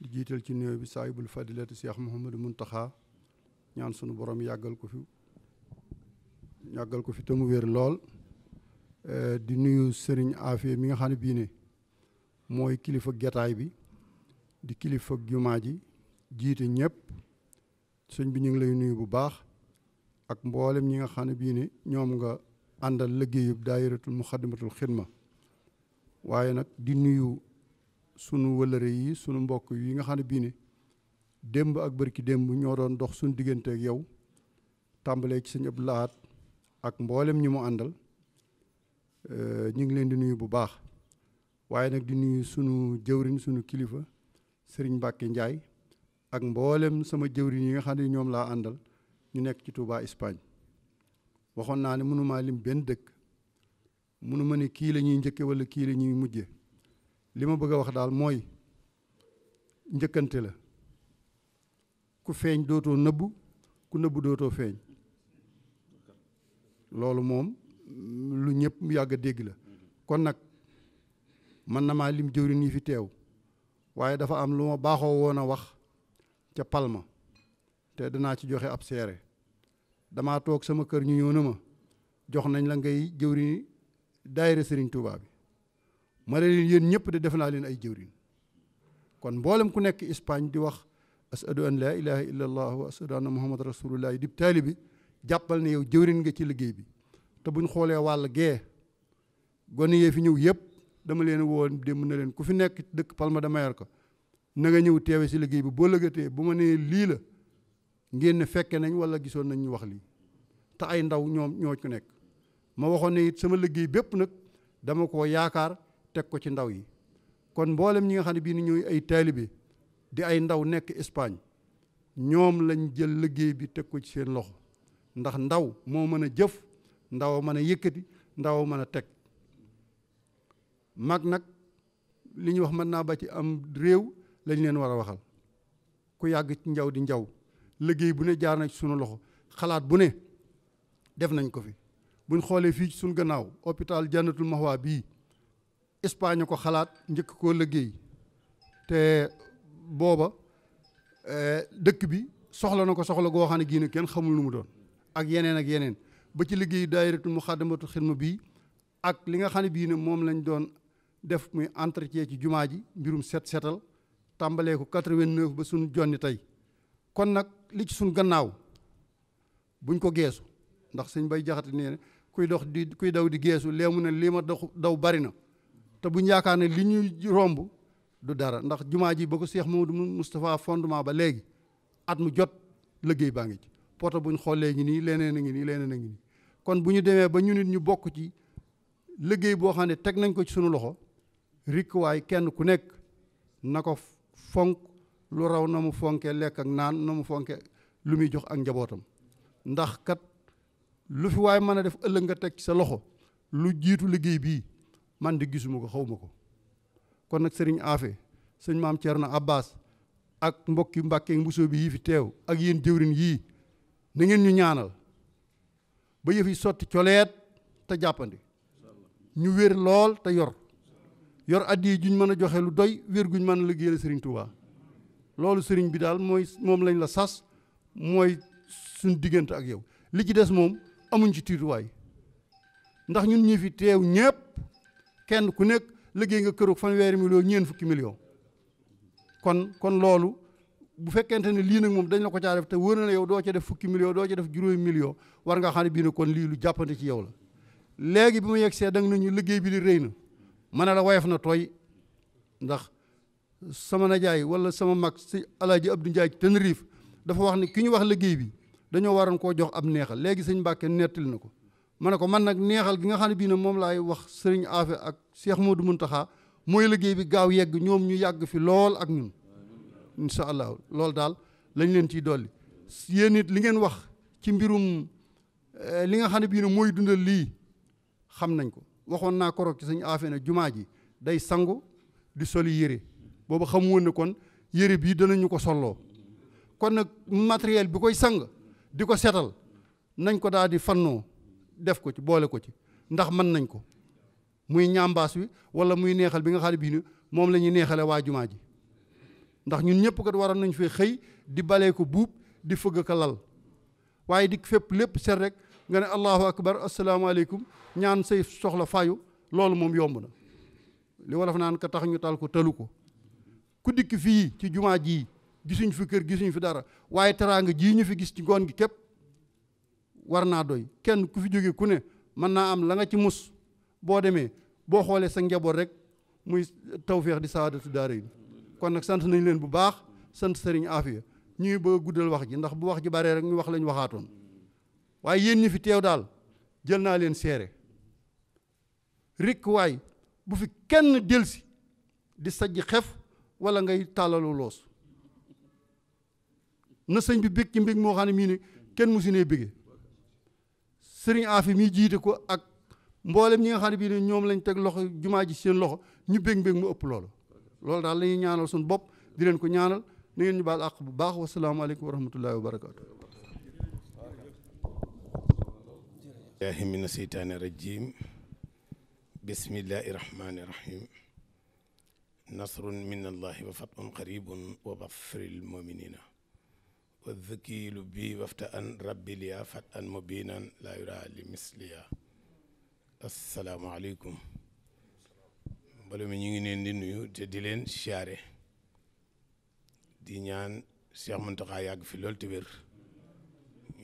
di jiital ci nuyoo bi saahibul fadilati Cheikh Mouhamadou taxa ñaan sunu borom yàggal ko fi ñàggal ko fi te mu wér lool eh, di nuyu Serigne Afé mi nga xam ne bii ne mooy kilifa getaay bi di kilifa jumaa ji jiite ñëpp sëñ bi ñu ngi lay nuyu bu baax ak mboolem ñi nga xam ne bii ni ñoom nga àndal liggéeyub daayiratul muxaddamatul xidma waaye nag di nuyu sunu wëlëre yi sunu mbokk yi nga xam ne bii ni démb ak bërki démb ñoo doon dox suñu diggante ak yow tàmbalee ci sëñ Abdou Lahad ak mboolem ñi mu àndal euh, ñu ngi leen di nuyu bu baax waaye nag di nuyu sunu jëwrin sunu kilifa sëriñ Mbàkke Njaay ak mboolem sama jëwrin yi nga xam ne ñoom laa àndal ñu nekk ci Touba Espagne waxoon naa ne mënumaa lim benn dëkk mënuma ne kii la ñuy njëkke wala kii la ñuy mujje li ma bëgg a wax daal mooy njëkkante la ku feeñ dootoo nëbbu ku nëbbu dootoo feeñ loolu moom lu ñëpp yàgg dégg la kon nag man na maa lim jëwriñ yi fi teew waaye dafa am lu ma baaxoo woon a wax ca Palma te danaa ci joxe ab seere damaa toog sama kër ñu ñëw na ma jox nañ la ngay jëwriñ daayira sëriñ Touba bi ma ne leen yéen ñëpp de def naa leen ay jëwriñ kon mboolem ku nekk Espagne di wax ashadu an laa ilaha illa allah wa ashadu anna muhammad rasulullah dib taali bi jàppal na yow jëwriñ nga ci liggéey bi te bu ñu xoolee wàll gee gone yee fi ñëw yëpp dama leen woon dem na leen ku fi nekk dëkk Palma de Mallorca na nga ñëw teewe si liggéey bi boo lëgatee bu ma nee lii la ngeen ne fekke nañ wala gisoon nañ ñu wax lii te ay ndaw ñoom ñoo ci nekk ma waxoon ne it sama liggéey bépp nag dama koo yaakaar teg ko ci ndaw yi kon mboolem ñi nga xam ne bii ni ñuy ay taalibe di ay ndaw nekk Espagne ñoom lañ jël liggéey bi teg ko ci seen loxo ndax ndaw moo mën a jëf ndaw mën a yëkkati ndaw mën a teg mag nag li ñuy wax mën naa ba ci am réew lañ leen war a waxal ku yàgg ci njaw di njaw liggéey bu ne jaar na ci sunu loxo xalaat bu ne def nañ ko fi buñ xoolee fii ci sunu gannaaw hôpital Jannatul Mahwa bii Espagne ko xalaat njëkk koo liggéey te booba e, dëkk bi soxla na ko soxla goo xam ne gii ne kenn xamul lu mu doon ak yeneen ak yeneen ba ci liggéey daayiratul muxaddamatul xidma bii ak li nga xane bii ne moom lañ doon def muy entretien ci jumaa ji mbirum set setal tàmbalee ko 89 ba suñu jonni tey kon nag li ci suñ gannaaw buñ ko geesu ndax sëñ bay jaxate nee kuy dox di kuy daw di geesu lee mu ne lii ma dox daw bari na te buñ yaakaar ne li ñuy romb du dara ndax jumaa ji ba ko Seex Mamadou mustafaa fondement ba léegi at mu jot liggéey baa ngi ci poto buñ xoolee ngi nii leneen a ngi nii leneen a ngi nii kon bu ñu demee ba ñu nit ñu bokk ci liggéey boo xam ne teg nañ ko ci sunu loxo rikkuwaay kenn ku nekk na ko fonk lu raw na mu fonke lekk ak naan na mu fonke lu muy jox ak njabootam ndax kat lu fi waaye mën a def ëllëg nga teg sa loxo lu jiitu liggéey bii man di gisuma ko xawma ko kon nag sëriñ Afe sëñ maam na Abbas ak mbokki Mbàkke mbusoo bi yii fi teew ak yéen jëwrin yii na ñu ñaanal ba yëf yi sotti coleet te jàppandi ñu wér lool te yor yor addi yi juñ mën a joxe lu doy wér guñ mën a liggéeyal sëriñ Touba loolu sëriñ bi daal mooy moom lañ la sas mooy suñ diggante ak yow li ci des moom amuñ ci tiituwaay ndax ñun ñi fi teew ñëpp kenn ku nekk liggéey nga këru fanweeri million ñeen fukki million kon kon loolu bu fekkente ne lii nag moom dañ la ko caa def te wër na la yow doo ca def fukki million doo ca def juróomi million war nga xam ne bii ne kon lii lu jàppante ci yow la léegi bi ma yegg see da nañu liggéey bi di rëy na ma ne la woyof na tooy ndax sama najaay wala sama mag si alaaji Abdou Ndiaye ci Tenerife dafa wax ni ki ñu wax liggéey bi dañoo waroon koo jox ab neexal léegi sëñ Mbàkke nettali na ko ma ne ko man nag neexal gi nga xam ne bii na moom laay wax sëriñ Afe ak Cheikh Modou Muntaxa mooy liggéey bi gaaw yegg ñoom ñu yàgg fi lool ak ñun incha allah loolu daal lañ leen ciy dolli yéen it li ngeen wax ci mbirum eh, li nga xam ne bii ne mooy dundal lii xam nañ ko waxoon naa korok ci sañ Afe na jumaa ji day sangu di soli yére boobu xamu woon kon yére bii danañu ko solloo kon nag matériel bi koy sang di ko setal nañ ko daal di fannoo def ko ci boole ko ci ndax mën nañ ko muy ñambaas wi wala muy neexal bi nga xam ne bii ni moom la ñuy neexale waa jumaa ji ndax ñun ñëpp kat waral nañ fee xëy di balee ko buub di fëgg ko lal waaye di fépp lépp set rek nga ne allahu akbar asalaamaaleykum ñaan say soxla faayu loolu moom yomb na li wolof naan ka tax ñu tal ko talu ko ku dikk fii ci jumaa jii gisuñ fi kër gisuñu fi dara waaye teraanga jii ñu fi gis ci ngoon gi képp war naa doy kenn ku fi jóge ku ne mën naa am la nga ci mus boo demee boo xoolee sa njaboot rek muy tawféex di saadatu daara yi kon nag sant nañ leen bu baax sant sëriñ Afia ñuy ngi bëgg a guddal wax ji ndax bu wax ji baree rek ñu wax lañu waxaatoon waaye yéen ñu fi teew daal jël naa leen seere rikk waay bu fi kenn delsi di sajj xef wala ngay tàllalu loos na sëñ bi bég ci mbég moo xam ne mii ne kenn musu nee bégee sëriñ Afi mii jiite ko ak mboole ñi nga xam ne bii ne ñoom lañ teg loxo jumaa ji seen loxo ñu bég mbég mu ëpp loolu loolu daal lañuy ñaanal suñu bopp di leen ko ñaanal na ñu baal àq bu baax wasalaamaaleykum wa rahmatullahi wa barakaatu billahi mina seytaani rajim bismillahi rahmaani rahim nasrun min allahi wa fatun qaribun wa bashiril muminina wa zakilu bi wafta an rabbiliya fat an mubinan laa yura li misliya asalaamaaleykum mbalo mi ñu ngi leen di nuyu te di leen siyaare di ñaan Cheikh Mountakha yàgg fi lool te wér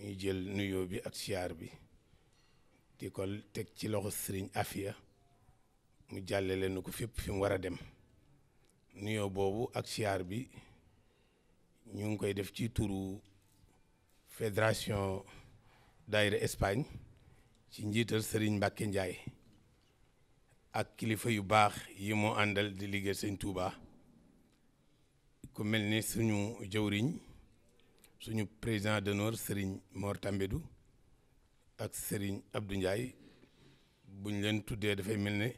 ñuy jël nuyoo bi ak siyaar bi di ko teg ci loxo sëriñ Afia mu jàllale leen ko fépp fi mu war a dem nuyoo boobu ak siyaar bi ñu ngi koy def ci turu fédération daayira Espagne ci njiital sëriñ Mbacke Ndiaye ak kilifa yu baax yi moo àndal di liggéey sëñ Touba ku mel ni suñu jëwriñ suñu président d'honneur Serigne Mor Tambédou ak Serigne Abdou Ndiaye buñ leen tuddee dafay mel ni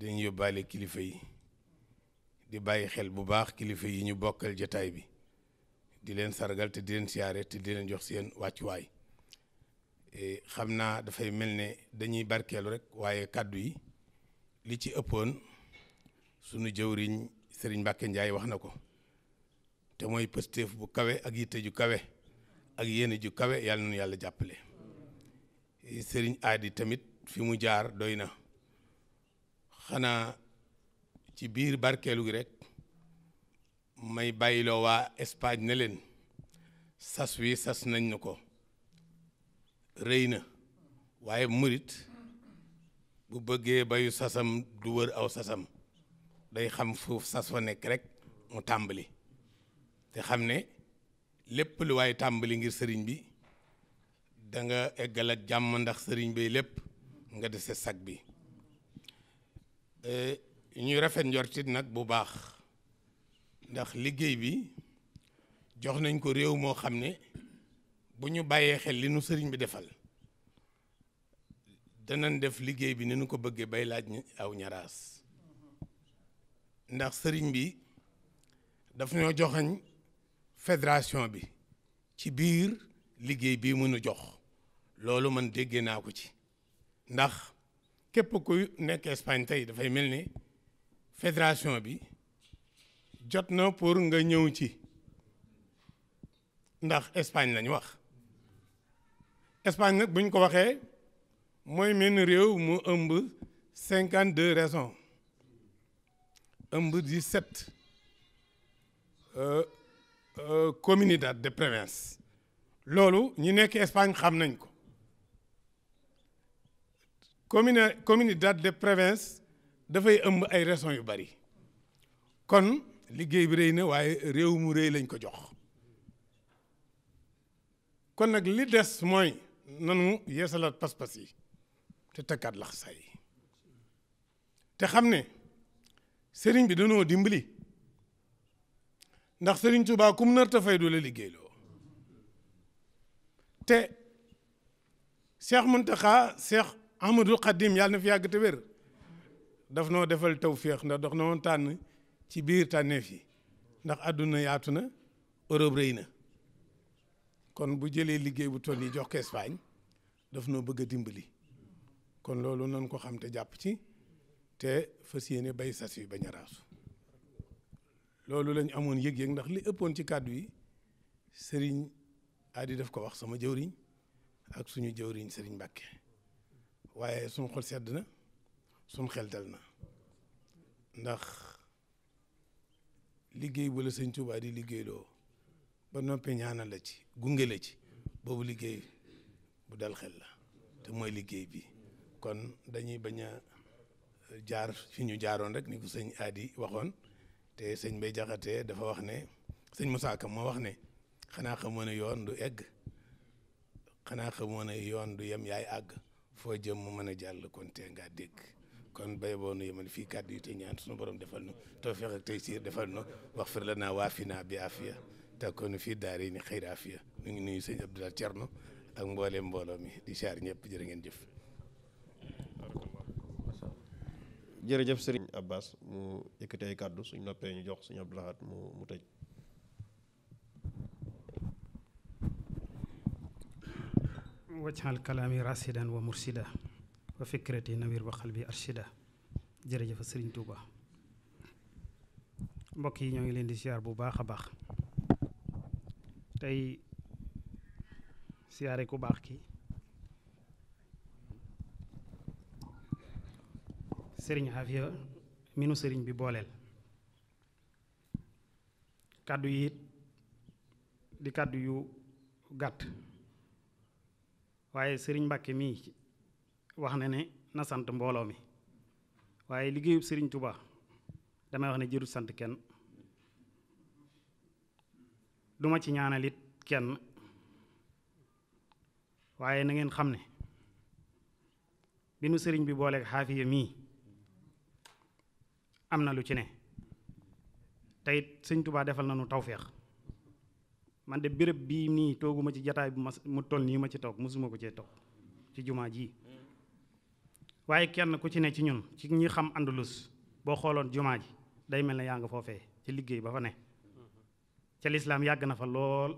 dañ yóbbaale kilifa yi. di bàyyi xel bu baax kilifa yi ñu bokkal jataay bi di leen sargal te di leen siyaare te di leen jox seen wàccuwaay e, xam naa dafay mel ne dañuy barkeelu rek waaye kàddu yi li ci ëppoon sunu jëwriñ sëriñ Mbacke Ndiaye wax na ko te mooy pësteef bu kawe ak yitte ju kawe ak yéene ju kawe yàlla na yàlla jàppale e, sëriñ Aadi tamit fi mu jaar doy na xanaa. ci biir barkeelu gi rek may bàyyiloo waa Espagne ne leen sas wi sas nañ na ko rëy na waaye murit bu bëggee bayu sasam du wër aw sasam day xam foofu sas fa nekk rek mu tàmbali te xam ne lépp lu waaye tàmbali ngir sëriñ bi danga nga eggal ak jàmm ndax sëriñ bi lépp nga dese sag bi euh, ñuy rafet njortit nag bu baax ndax liggéey bi jox nañ ko réew moo xam ne bu ñu bàyyee xel li nu sëriñ bi defal danañ def liggéey bi ni nu ko bëggee bay laaj aw ñaraas ndax sëriñ bi daf ñoo joxañ fédération bi ci biir liggéey bii mënu jox loolu mën déggee naa ko ci ndax képp kuy nekk Espagne tey dafay mel ni fédération bi jot na pour nga ñëw ci ndax Espagne lañu wax Espagne nag buñ ko waxee mooy menn réew mu ëmb cinquante deux raisons ëmb dix sept euh, euh, comunidad de province loolu ñu nekk Espagne xam nañ ko commune comunidad de province dafay ëmb ay reson yu bari kon liggéey bi rey na waaye réew mu rëy lañ ko jox kon nag li des mooy nanu yeesalaat pas te takkaat laxasaay yi te xam ne sëriñ bi danoo dimbali ndax sëriñ Tuubaa kum nar ta fay du la liggéeyloo te Cheikh Mountakha Cheikh Ahmadul Khadim yàlla na fi yàgg daf noo defal tawféex ndax daf noo tànn ci biir tànneef yi ndax àdduna yaatu na Europe rëy na kon bu jëlee liggéey bu toll yi jox ko Espagne daf noo bëgg a dimbali kon loolu nañ ko xam te jàpp ci te fas yéene bay sas yi bañ a loolu lañ amoon yëg-yëg ndax li ëppoon ci kàddu yi sëriñ Adi def ko wax sama jëwriñ ak suñu jëwriñ sëriñ Mbàkke waaye suñu xol sedd na sum xel dal na ndax liggéey bu la di liggéeyloo ba noppi ñaanal la ci gunge la ci boobu liggéey bu dal xel la te mooy liggéey bi kon dañuy bañ a jaar fi ñu jaaroon rek ni ko sëñ Aadi waxoon te sëñ Bay Jaxate dafa wax ne sëñ Musaa Ka moo wax ne xanaa xamoo ne yoon du egg xanaa xamoo ne yoon du yem yaay àgg foo jëm mu mën a jàll kon ngaa dégg kon bay boo nu yemal fii kàddu yi te ñaan suñu borom defal nu tawfiq ak taysiir defal nu wax fir la naa waafina bi afiya takkoonu fii daara yi ni xëyr afiya ñu ngi nuyu sëñ Abdoulaye Thierno ak mbooleem mbooloo mi di saar ñëpp jërë ngeen jëf jërëjëf sëriñ Abbas mu yëkkati ay kàddu suñ noppee ñu jox suñu Abdoulahat mu mu tëj wajxal kalaami rasidan wa mursida wa fikrati nawir wa xalbi arshida jërëjëf sëriñ Touba mbokk yi ñoo ngi leen di siyaar bu baax a baax tey siyaare ku baax ki sëriñ Xaafiya minu sëriñ bi booleel kàddu yi di kàddu yu gàtt waaye sëriñ Mbàkke mii wax na ne na sant mbooloo mi waaye liggéeyub sëriñ Tuubaa damay wax ne jërul sant kenn duma ci ñaanalit kenn waaye na ngeen xam ne bi nu sëriñ bi booleeg xaafiya mii am na lu ci ne tey sëñ Tuubaa defal na nu tawféex man de béréb bii nii tooguma ci jataay bu ma mu toll nii ma ci toog mosuma ko cee taw ci jumaa ji waaye kenn ku ci ne ci ñun ci ñi xam andalus boo xooloon jumaa ji day mel ne yaa nga foofee ci liggéey ba fa ne ca lislaam yàgg na fa lool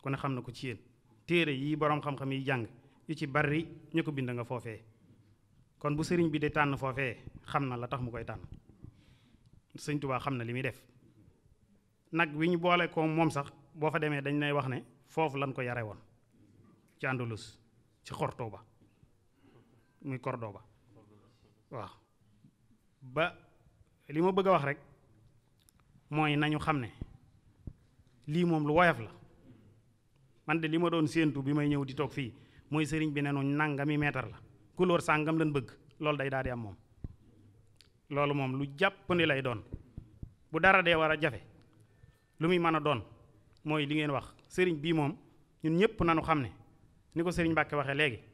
ku ne xam na ko ci yéen téere yi boroom xam-xam yi jàng yi ci bari ñu ko bind nga foofee kon bu sëriñ bi di tànn foofee xam na la tax mu koy tànn sëñ Tuubaa xam na li muy def nag wi ñu boole ko moom sax boo fa demee dañ lay wax ne foofu lañ ko yare woon ci Andalus ci xortoo ba muy Cordoba waaw ba li ma bëgg wax rek mooy nañu xam ne lii moom lu woyaf la man de li ma doon séentu bi may ñëw di toog fii mooy sëriñ bi ne nu nangami meetar la couleur sàngam lañ bëgg loolu day daal di am moom loolu moom lu jàpp ni lay doon bu dara dee war a jafe lu muy mën a doon mooy li ngeen wax sëriñ bii moom ñun ñëpp nañu xam ne ni ko sëriñ Mbàkke waxee léegi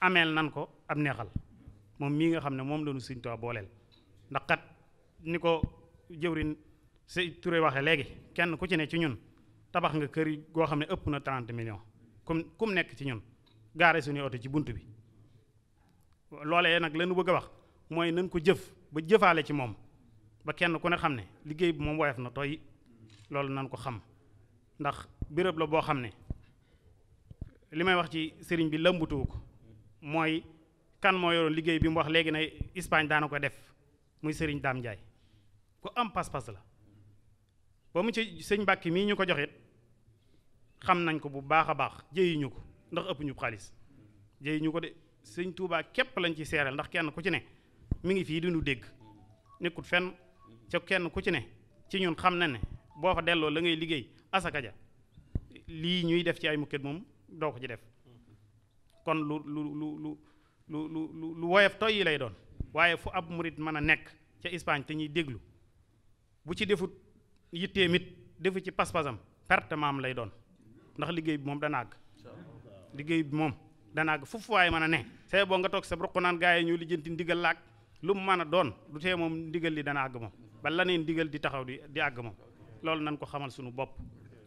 ameel nan ko ab neexal moom mii nga xam ne moom lañu Sëriñ Tuubaa booleel ndax kat ni ko jëwrin si Touré waxee léegi kenn ku ci ne ci ñun tabax nga kër goo xam ne ëpp na 30 million kum kum nekk ci ñun gaare suñuy oto ci bunt bi loolee nag lanu bëgg a wax mooy nañ ko jëf ba jëfaale ci moom ba kenn ku ne xam ne liggéey bi moom woyof na tooy loolu nan ko xam ndax béréb la boo xam ne li may wax ci sëriñ bi lëmbatuwu ko mooy kan moo yoroon liggéey bi mu wax léegi nay Espagne daana def muy sëriñ daam Ndiaye ku am pas-pas la ba mu ci sëñ Mbàkke mii ñu ko joxit xam nañ ko bu baax a baax jëyuñu ko ndax ëpp ñu xaalis jëyuñu ko de sëñ Touba képp lañ ci seeral ndax kenn ku ci ne mi ngi fii dinu dégg nekkut fenn ca kenn ku ci ne ci ñun xam na ne boo fa delloo la ngay liggéey asaka ja lii ñuy def ci ay mukket moom doo ko ci def kon lu lu lu lu lu lu lu woyof toy yi lay doon waaye fu ab murit mën a nekk ca Espagne te ñuy déglu bu ci defut yitteem it defu ci pas-pasam perte maam lay doon ndax liggéey bi moom dana àgg liggéey bi moom dana àgg foofu waaye mën a ne say boo nga toog sa ruq naan gaa yi ñu lijjanti ndigal laag lu mu mën a doon du tee moom ndigal li dana àgg moom ba laneen ndigal di taxaw di di àgg moom loolu nan ko xamal suñu bopp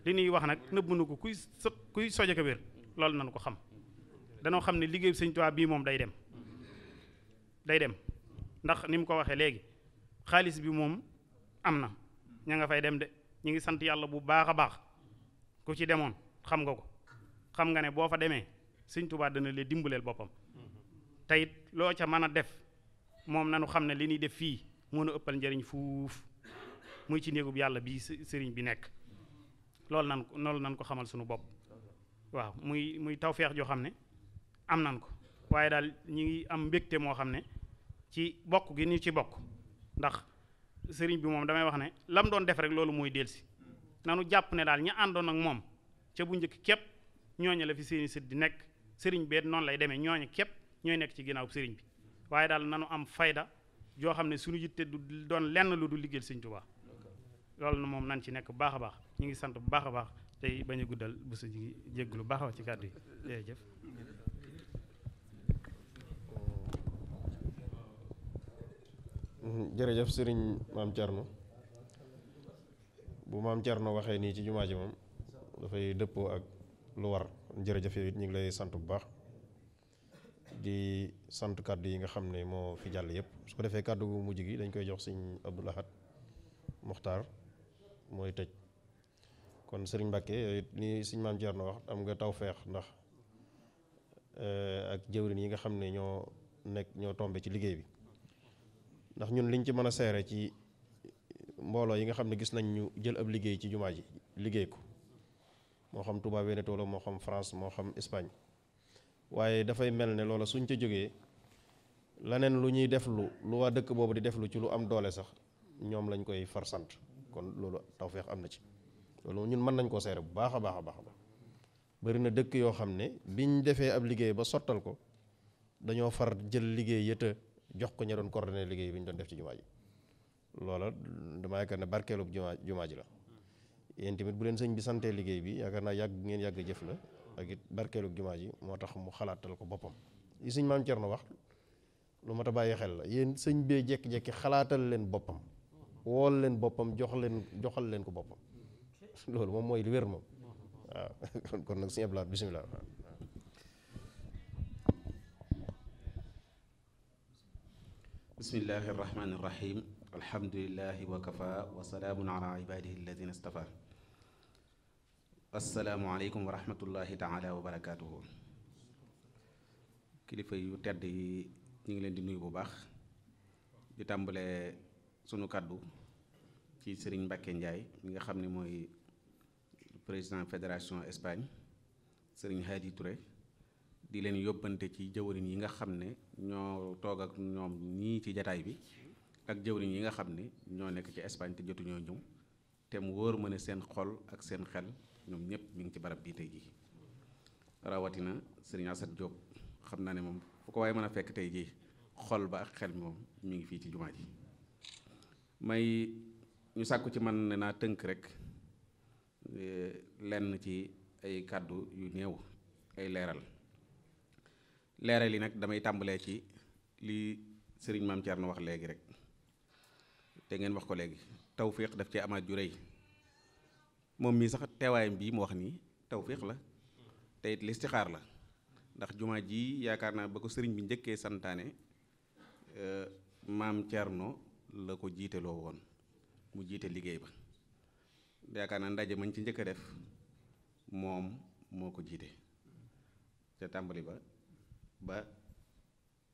li ñuy wax nag nëbb nu ko kuy së kuy soj ak wér loolu nan ko xam danoo xam ne liggéey sëñ Tuubaa bii moom day dem day dem ndax ni mu ko waxee léegi xaalis bi moom am na ña nga fay dem de ñu ngi sant yàlla bu baax a baax ku ci demoon xam nga ko xam nga ne boo fa demee sëñ Tuubaa dana leen dimbaleel boppam te it loo ca mën a def moom nanu xam ne li ñuy def fii moo nu ëppal njariñ fuuf muy ci néegub yàlla bii sëriñ bi nekk loolu nan loolu nan ko xamal suñu bopp waaw muy muy tawfeex joo xam ne am nan ko waaye daal ñi ngi am mbégte moo xam ne ci bokk gi ñu ci bokk ndax sëriñ bi moom damay wax ne lam doon def rek loolu mooy delsi nanu jàpp ne daal ñu àndoon ak moom ca bu njëkk képp ñooñu la fi seeni sët di nekk sëriñ beet noonu lay demee ñooñu képp ñooy nekk ci ginnaaw sëriñ bi waaye daal nanu am fayda joo xam ne suñu yitte du lenn lu du liggéeyal sëriñ Tuubaa loolu moom nan ci nekk baax a baax ñu ngi sant bu baax a baax tey bañ a guddal bu sa jégg lu baax a ci kàddu yi jërëjëf Mhm, jërëjëf sëriñ maam Thierno bu maam Thierno waxee nii ci jumaa ji moom dafay dëppoo ak lu war jërëjëf yow it ñu ngi lay sant bu baax di sant kaddu yi nga xam ne moo fi jàll yëpp su ko defee kàddu gu mujj gi dañ koy jox sëñ Abdou Lahad mooy tëj kon sëriñ Mbàkke yow it nii sëñ maam Thierno wax am nga tawfeex ndax eh, ak jëwrin yi nga xam ne ñoo nekk ñoo tombe ci liggéey bi ndax ñun liñ ci mën a seere ci mbooloo yi nga xam ne gis nañ ñu jël ab liggéey ci jumaa ji liggéey ko moo xam tubaab Veneto la moo xam France moo xam Espagne waaye dafay mel ne loolu suñ ca jógee laneen lu ñuy def lu lu waa dëkk boobu di def lu ci lu am doole sax ñoom lañ koy far sant kon loolu tawféex am na ci loolu ñun mën nañ koo seere bu baax a baax a baax ba bëri na dëkk yoo xam ne biñ defee ab liggéey ba sottal ko dañoo far jël liggéey yëta jox ko ña doon coordonné liggéey bi ñu doon def ci jumaa ji loola dama yaakaar ne barkeelub jumaa jumaa ji la yéen tamit bu leen sëñ bi santee liggéey bi yaakaar naa yàgg ngeen yàgg jëf la ak it barkeelub jumaa ji moo tax mu xalaatal ko boppam yi sëñ maam Cerno wax lu mat a bàyyi xel la yéen sëñ bee jekki-jekki xalaatal leen boppam wool leen boppam jox leen joxal leen ko boppam loolu moom mooy li wér moom waaw kon nag sëñ Abdou Lahad bisimilah bismillahi irrahmani irrahim alhamdulilahi wa kafa wa salaamun ala ibadihi alladina istafa assalaamu aleykum wa rahmatullahi taala wa barakatuhu kilifa yu tedd yi ñu ngi leen di nuyu bu baax di tàmbalee sunu kàddu ci sëriñ Mbàkke Njaay mi nga xam ne mooy président fédération Espagne sëriñ Hadi Touré di leen yóbbante ci jëwriñ yi nga xam ne ñoo toog ak ñoom ñii ci jataay bi ak jëwriñ yi nga xam ne ñoo nekk ci Espagne te jotuñoo ñëw te mu wóor ma ne seen xol ak seen xel ñoom ñëpp ñu ngi ci barab bii tey jii rawatina sëriñ Asad Diop xam naa ne moom fu ko waaye mën a fekk tey jii xol ba ak xel moom mi ngi fii ci jumaa ji may ñu sàkku ci man ne naa tënk rek eh, lenn ci ay kàddu yu néew ay leeral leeral yi nag damay tàmbalee ci li sëriñ maam Thierno wax léegi rek te ngeen wax ko léegi tawféex daf cee amaat ju rëy moom mii sax teewaayam bii mu wax nii tawféex la te it listixaar la ndax jumaa ji yaakaar naa ba ko sëriñ bi njëkkee santaane euh, maam Thierno la ko jiiteloo woon mu jiite liggéey ba yaakaar naa ndaje mañ ci njëkk a def moom moo ko jiite ca tàmbali ba ba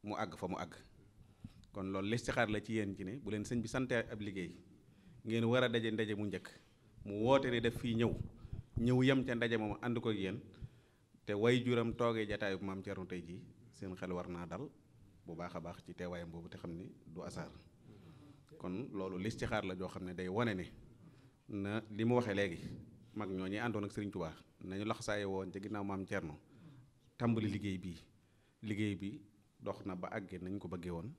mu àgg fa mu àgg kon loolu listixaar la ci yéen ci ne bu leen sëñ bi sante ab liggéey ngeen war a daje ndaje mu njëkk mu woote ne def fii ñëw ñëw yem ca ndaje moom ànd ko yéen te way juram toogee jataayu maam Thierno tey jii seen xel war naa dal bu baax a baax ci teewaayam boobu te xam ne du asaar kon loolu listixaar la joo xam ne day wane ne na li mu waxee léegi mag ñoo ñuy àndoon ak Serigne Touba nañu laxasaaye woon ca ginnaaw maam Thierno tàmbali liggéey bii liggéey bi dox na ba àggee nañ ko bëggee woon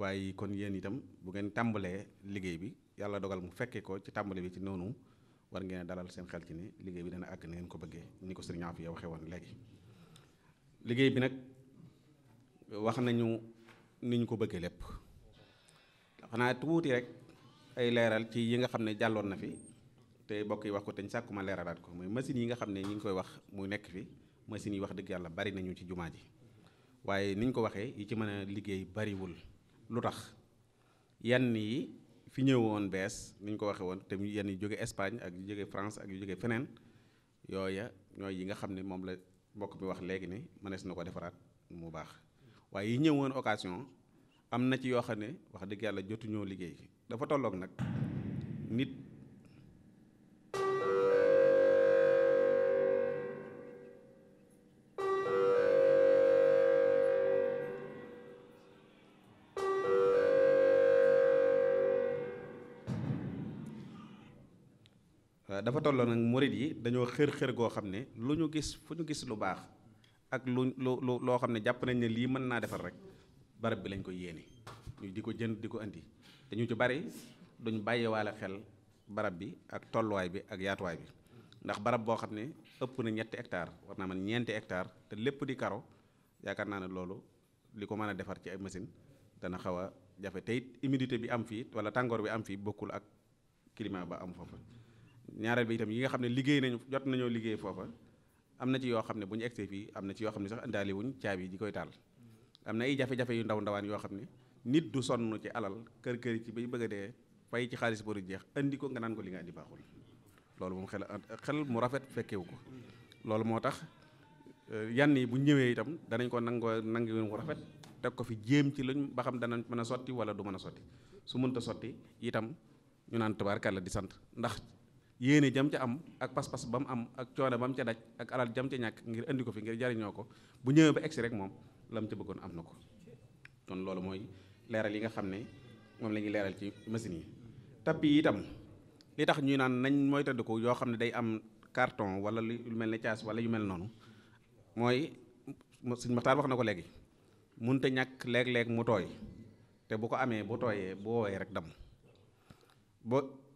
waaye kon yéen itam bu ngeen tàmbalee liggéey bi yàlla dogal mu fekkee ko ci tàmbale bi ci noonu war ngeen dalal seen xel ci ne liggéey bi dana àgg na ngeen ko bëggee ni ko sëriñ Afia waxee woon léegi. liggéey bi nag wax nañu ni ñu ko bëggee lépp xanaa tuuti rek ay leeral ci yi nga xam ne jàlloon na fi te bokk yi wax ko te ñu sàkkuma leeralaat ko mooy machines yi nga xam ne ñu ngi koy wax mu nekk fi machines yi wax dëgg yàlla bari nañu ci jumaa ji. waaye niñ ko waxee yi ci mën a liggéey bariwul lu tax yan yi fi ñëw woon bees niñ ko waxee woon te yan yi jóge Espagne ak yu jóge France ak yu jóge feneen yooya ñooy yi nga xam ne moom la mbokk bi wax léegi ni mënees na ko defaraat mu baax waaye yi woon occasion am na ci yoo xam ne wax dëgg yàlla jotuñoo liggéey dafa tolloog nag nit dafa tolloon nag morit yi dañoo xër-xër goo xam ne lu ñu gis fu ñu gis lu baax ak lu lu loo xam ne jàpp nañ ne lii mën naa defar rek barab bi lañ koy yéene ñu di ko jënd di ko indi te ñu ci bari duñ bàyyiwaale xel barab bi ak tolluwaay bi ak yaatuwaay bi ndax barab boo xam ne ëpp na ñetti hectare war naa man ñeenti hectare te lépp di karo yaakaar naa ne loolu li ko mën a defar ci ay machine dana xaw a jafe te it humidité bi am fii wala tàngoor bi am fii bokkul ak climat ba am foofu ñaareel bi yi nga xam ne liggéey nañu jot nañoo liggéey foofa am na ci yoo xam ne bu ñu egsee fii am na ci yoo xam ne sax indaale wuñ caabi ji koy taal am na ay jafe-jafe yu ndaw ndawaan yoo xam ne nit du sonn ci alal kër kër ci bay bëgg a dee fay ci xaalis boru jeex andi ko nga naan ko li nga andi baaxul loolu moom xel xel mu rafet fekkewu ko loolu moo tax euh, yan yi bu ñëwee itam danañ ko nangoo nangi mu rafet teg ko fi jéem ci luñ ba xam danañ mën a sotti wala du mën a sotti su mënta sotti itam ñu naan la di sant ndax yéene jam ca am ak pas-pas ba mu am ak coono ba mu ca daj ak alal jam ca ñàkk ngir indi ko fi ngir jariñoo ko bu ñëwee ba egsi rek moom la mu ca bëggoon am na ko kon loolu mooy leeral yi nga xam ne moom lañuy leeral ci machine yi tapis yi itam li tax ñuy naan nañ mooy tëdd ko yoo xam ne day am carton wala lu mel ne caas wala yu mel noonu mooy suñ maxtaar wax na ko léegi mënut a ñàkk léeg-léeg mu tooy te bu ko amee bu tooyee bu woowee rek dam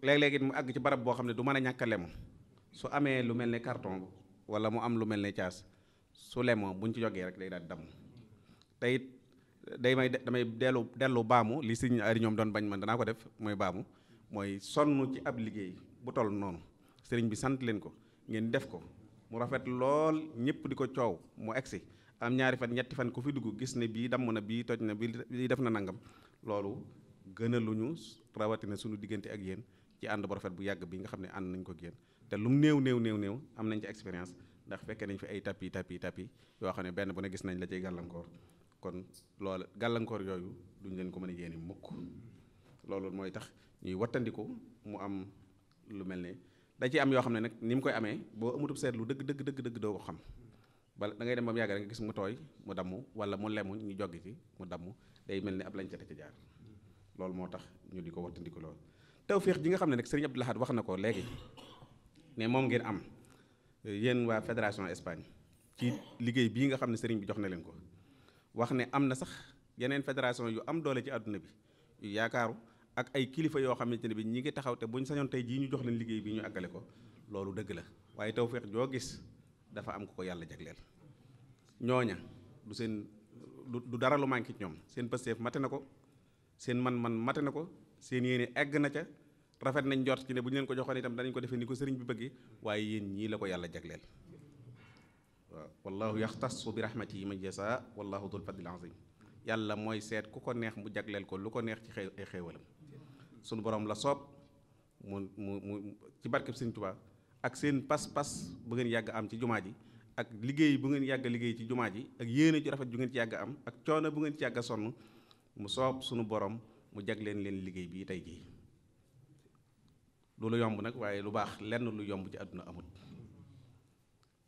léeg-léeg mu àgg ci barab boo xam ne du mën a ñàkk a su amee lu mel ne carton wala mu am lu mel ne caas su lemoo buñ ci jogee rek day daal damm te it day may damay dellu dellu baamu li sëñ ari ñoom doon bañ man danaa ko def mooy baamu mooy sonn ci ab liggéey bu toll noonu sëriñ bi sant leen ko ngeen def ko mu rafet lool ñëpp di ko coow mu egsi am ñaari fan ñetti fan ku fi dugg gis ne bii damm na bii toj na bii def na nangam loolu gënaluñu rawatina suñu diggante ak yéen ci ànd bu rafet bu yàgg bi nga xam ne ànd nañ ko génn te lu mu néew néew néew néew am nañ ci expérience ndax fekke nañ fi ay tapis tapis yoo xam ne benn bu ne gis nañ la ciy gàllankoor kon loolu gàllankoor yooyu duñ leen ko mën a yéene mukk loolu mooy tax ñuy wattandiku mu am lu mel ne da am yoo xam ne nag ni mu koy amee boo amutub seetlu dëgg dëgg dëgg dëgg doo ko xam bala dangay dem ba mu yàgg rek nga gis mu tooy mu damm wala mu lemu ñu joggi ci mu damm day mel ni ab lañcate ci jaar loolu moo tax ñu di ko wattandiku loolu tawféex ji nga xam ne nag sëriñ Abdou Lahad wax na ko léegi ne moom ngeen am yéen waa fédération Espagne ci liggéey bii nga xam ne sëriñ bi jox na leen ko wax ne am na sax yeneen fédération yu am doole ci àdduna bi yu yaakaaru ak ay kilifa yoo xamante ne bi ñi ngi taxaw te buñ sañoon tey jii ñu jox leen liggéey bi ñu àggale ko loolu dëgg la waaye tawféex joo gis dafa am ku ko yàlla jagleel ñooña du seen du dara lu manqué ñoom seen pësteef mate na ko seen man-man mate na ko seen yéene egg na ca rafet nañ jot ci ne bu ñu leen ko joxoon itam danañ ko defee ni ko sëriñ bi bëggee waaye yéen ñii la ko yàlla jagleel waaw wallahu yaxtasu bi yi rahmatihi man yasa wallahu dul fadlil azim yàlla mooy seet ku ko neex mu jagleel ko lu ko neex ci xew ay xéewalam sunu borom la soob mu mu mu ci barkeb sëriñ ak seen pas-pas bu ngeen yàgg am ci jumaa ji ak liggéey bu ngeen yàgg liggéey ci jumaa ji ak yéene ju rafet ju ngeen ci yàgg am ak coono bu ngeen ci yàgg sonn mu soob sunu borom mu jag leen leen liggéey bii tey jii loolu yomb nag waaye lu baax lenn lu yomb ci àdduna amut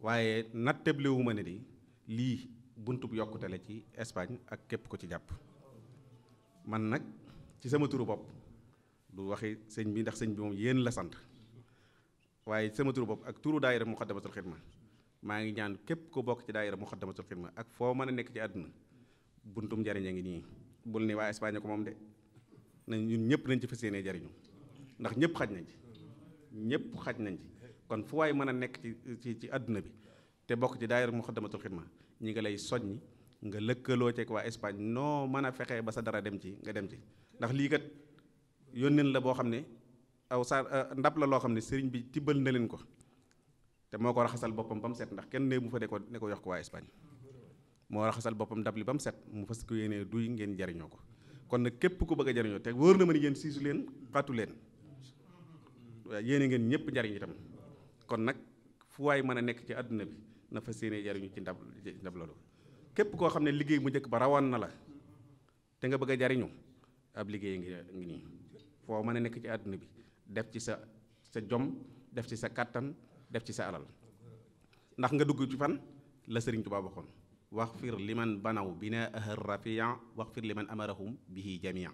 waaye natteblewuma ne di lii buntub yokkute la ci Espagne ak képp ko ci jàpp man nag ci sama turu bopp lu waxi sëñ bi ndax sëñ bi moom yéen la sant waaye sama turu bopp ak turu daayira muxaddamatul xidma maa ngi ñaan képp ko bokk ci daayira muxaddamatul xidma ak foo mën a nekk ci àdduna buntum njariñ a ngi nii bul ni waa Espagne ko moom de na ñun ñëpp nañ ci fas yéene jariñu ndax ñëpp xaj nañ ci ñëpp xaj nañ ci kon fu waay mën a nekk ci ci àdduna bi te bokk ci daayira Muxaddamatul Xidma ñi nga lay soññi nga lëkkaloo ceeg waa Espagne noo mën a fexe ba sa dara dem ci nga dem ci ndax lii kat yónneen la boo xam ne aw sa euh, ndab la loo xam ne sëriñ bi tibbal na leen ko te moo ko raxasal boppam ba mu set ndax kenn ne mu fa ne ko ne ko yox ko waa Espagne moo raxasal boppam ndab li ba mu set mu fas ko yéenee duy ngeen jariñoo ko kon nag képp ku bëgg a jariñoo te wóor na ma ni yéen siisu leen fàttu leen yéene ngeen ñëpp njariñ itam kon nag fu waay mën a nekk ci àdduna bi na fas yéene jariñu ci ndab ndab loolu képp koo xam ne liggéey bu njëkk ba rawan na la te nga bëgg a jariñu ab liggéey ngi ngi nii foo mën a nekk ci àdduna bi def ci sa sa jom def ci sa kàttan def ci sa alal ndax nga dugg ci fan la Sëriñ Tuubaa wax waxfir liman banaw bi bina ahar rafian waxfir liman amarahum bihi jamia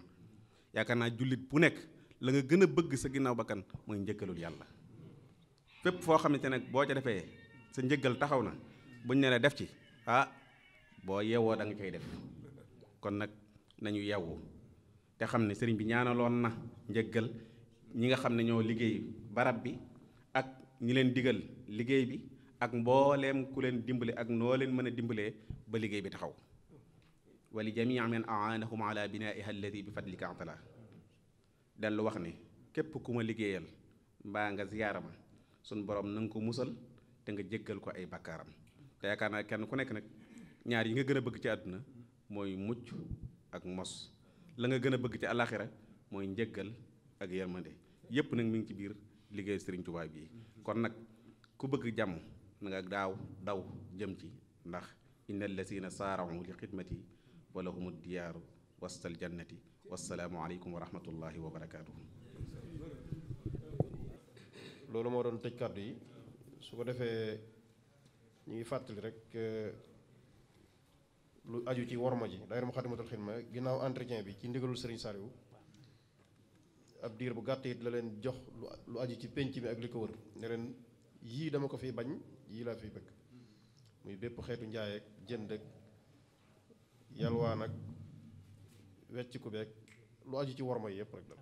yaakaar naa jullit bu nekk la nga gën a bëgg sa ginnaaw bakkan mooy njëkkalul yàlla fépp foo xamante nag boo ca defee sa njëggal taxaw na buñ ne la def ci ah boo yeewoo da koy def kon nag nañu yeewu te xam ne sëriñ bi ñaanaloon na njëggal ñi nga xam ne ñoo liggéey barab bi ak ñi leen digal liggéey bi ak mbooleem ku leen dimbale ak noo leen mën a dimbalee ba liggéey bi taxaw wali jamii man aanahum ala binaiha alladi bi fadlika atala dellu wax ne képp ku ma liggéeyal mbaa nga ziyaara ma suñ borom na nga ko musal te nga jéggal ko ay bakkaaram te yaakaar naa kenn ku nekk nag ñaar yi nga gën a bëgg ci àdduna mooy mucc ak mos la nga gën a bëgg ci alaxira mooy njëggal ak yërmande yépp nag mi ngi ci biir liggéey Sëriñ Tuubaa bii kon nag ku bëgg jàmm nga daaw daw jëm ci ndax inna allazina saarawu li xidmati wa lahumu diyaaru wastal jannati wassalaamu aleykum wa rahmatullahi wa barakaatu. loolu moo doon tëj kàddu yi su ko defee ñu ngi fàttali rek eh, lu aju ci worma ji daayira Muxaddamatul Xidma ginnaaw entretien bi ci ndigalul Sëriñ Saliou ab diir bu gàtt la leen jox lu aju ci penc bi ak li ko wër ne leen yii dama ko fi bañ yii laa fiy bëgg muy bépp xeetu njaay ak jënd ak yalwaan ak wecc ku beeg lu aju ci war mooy yëpp rek dal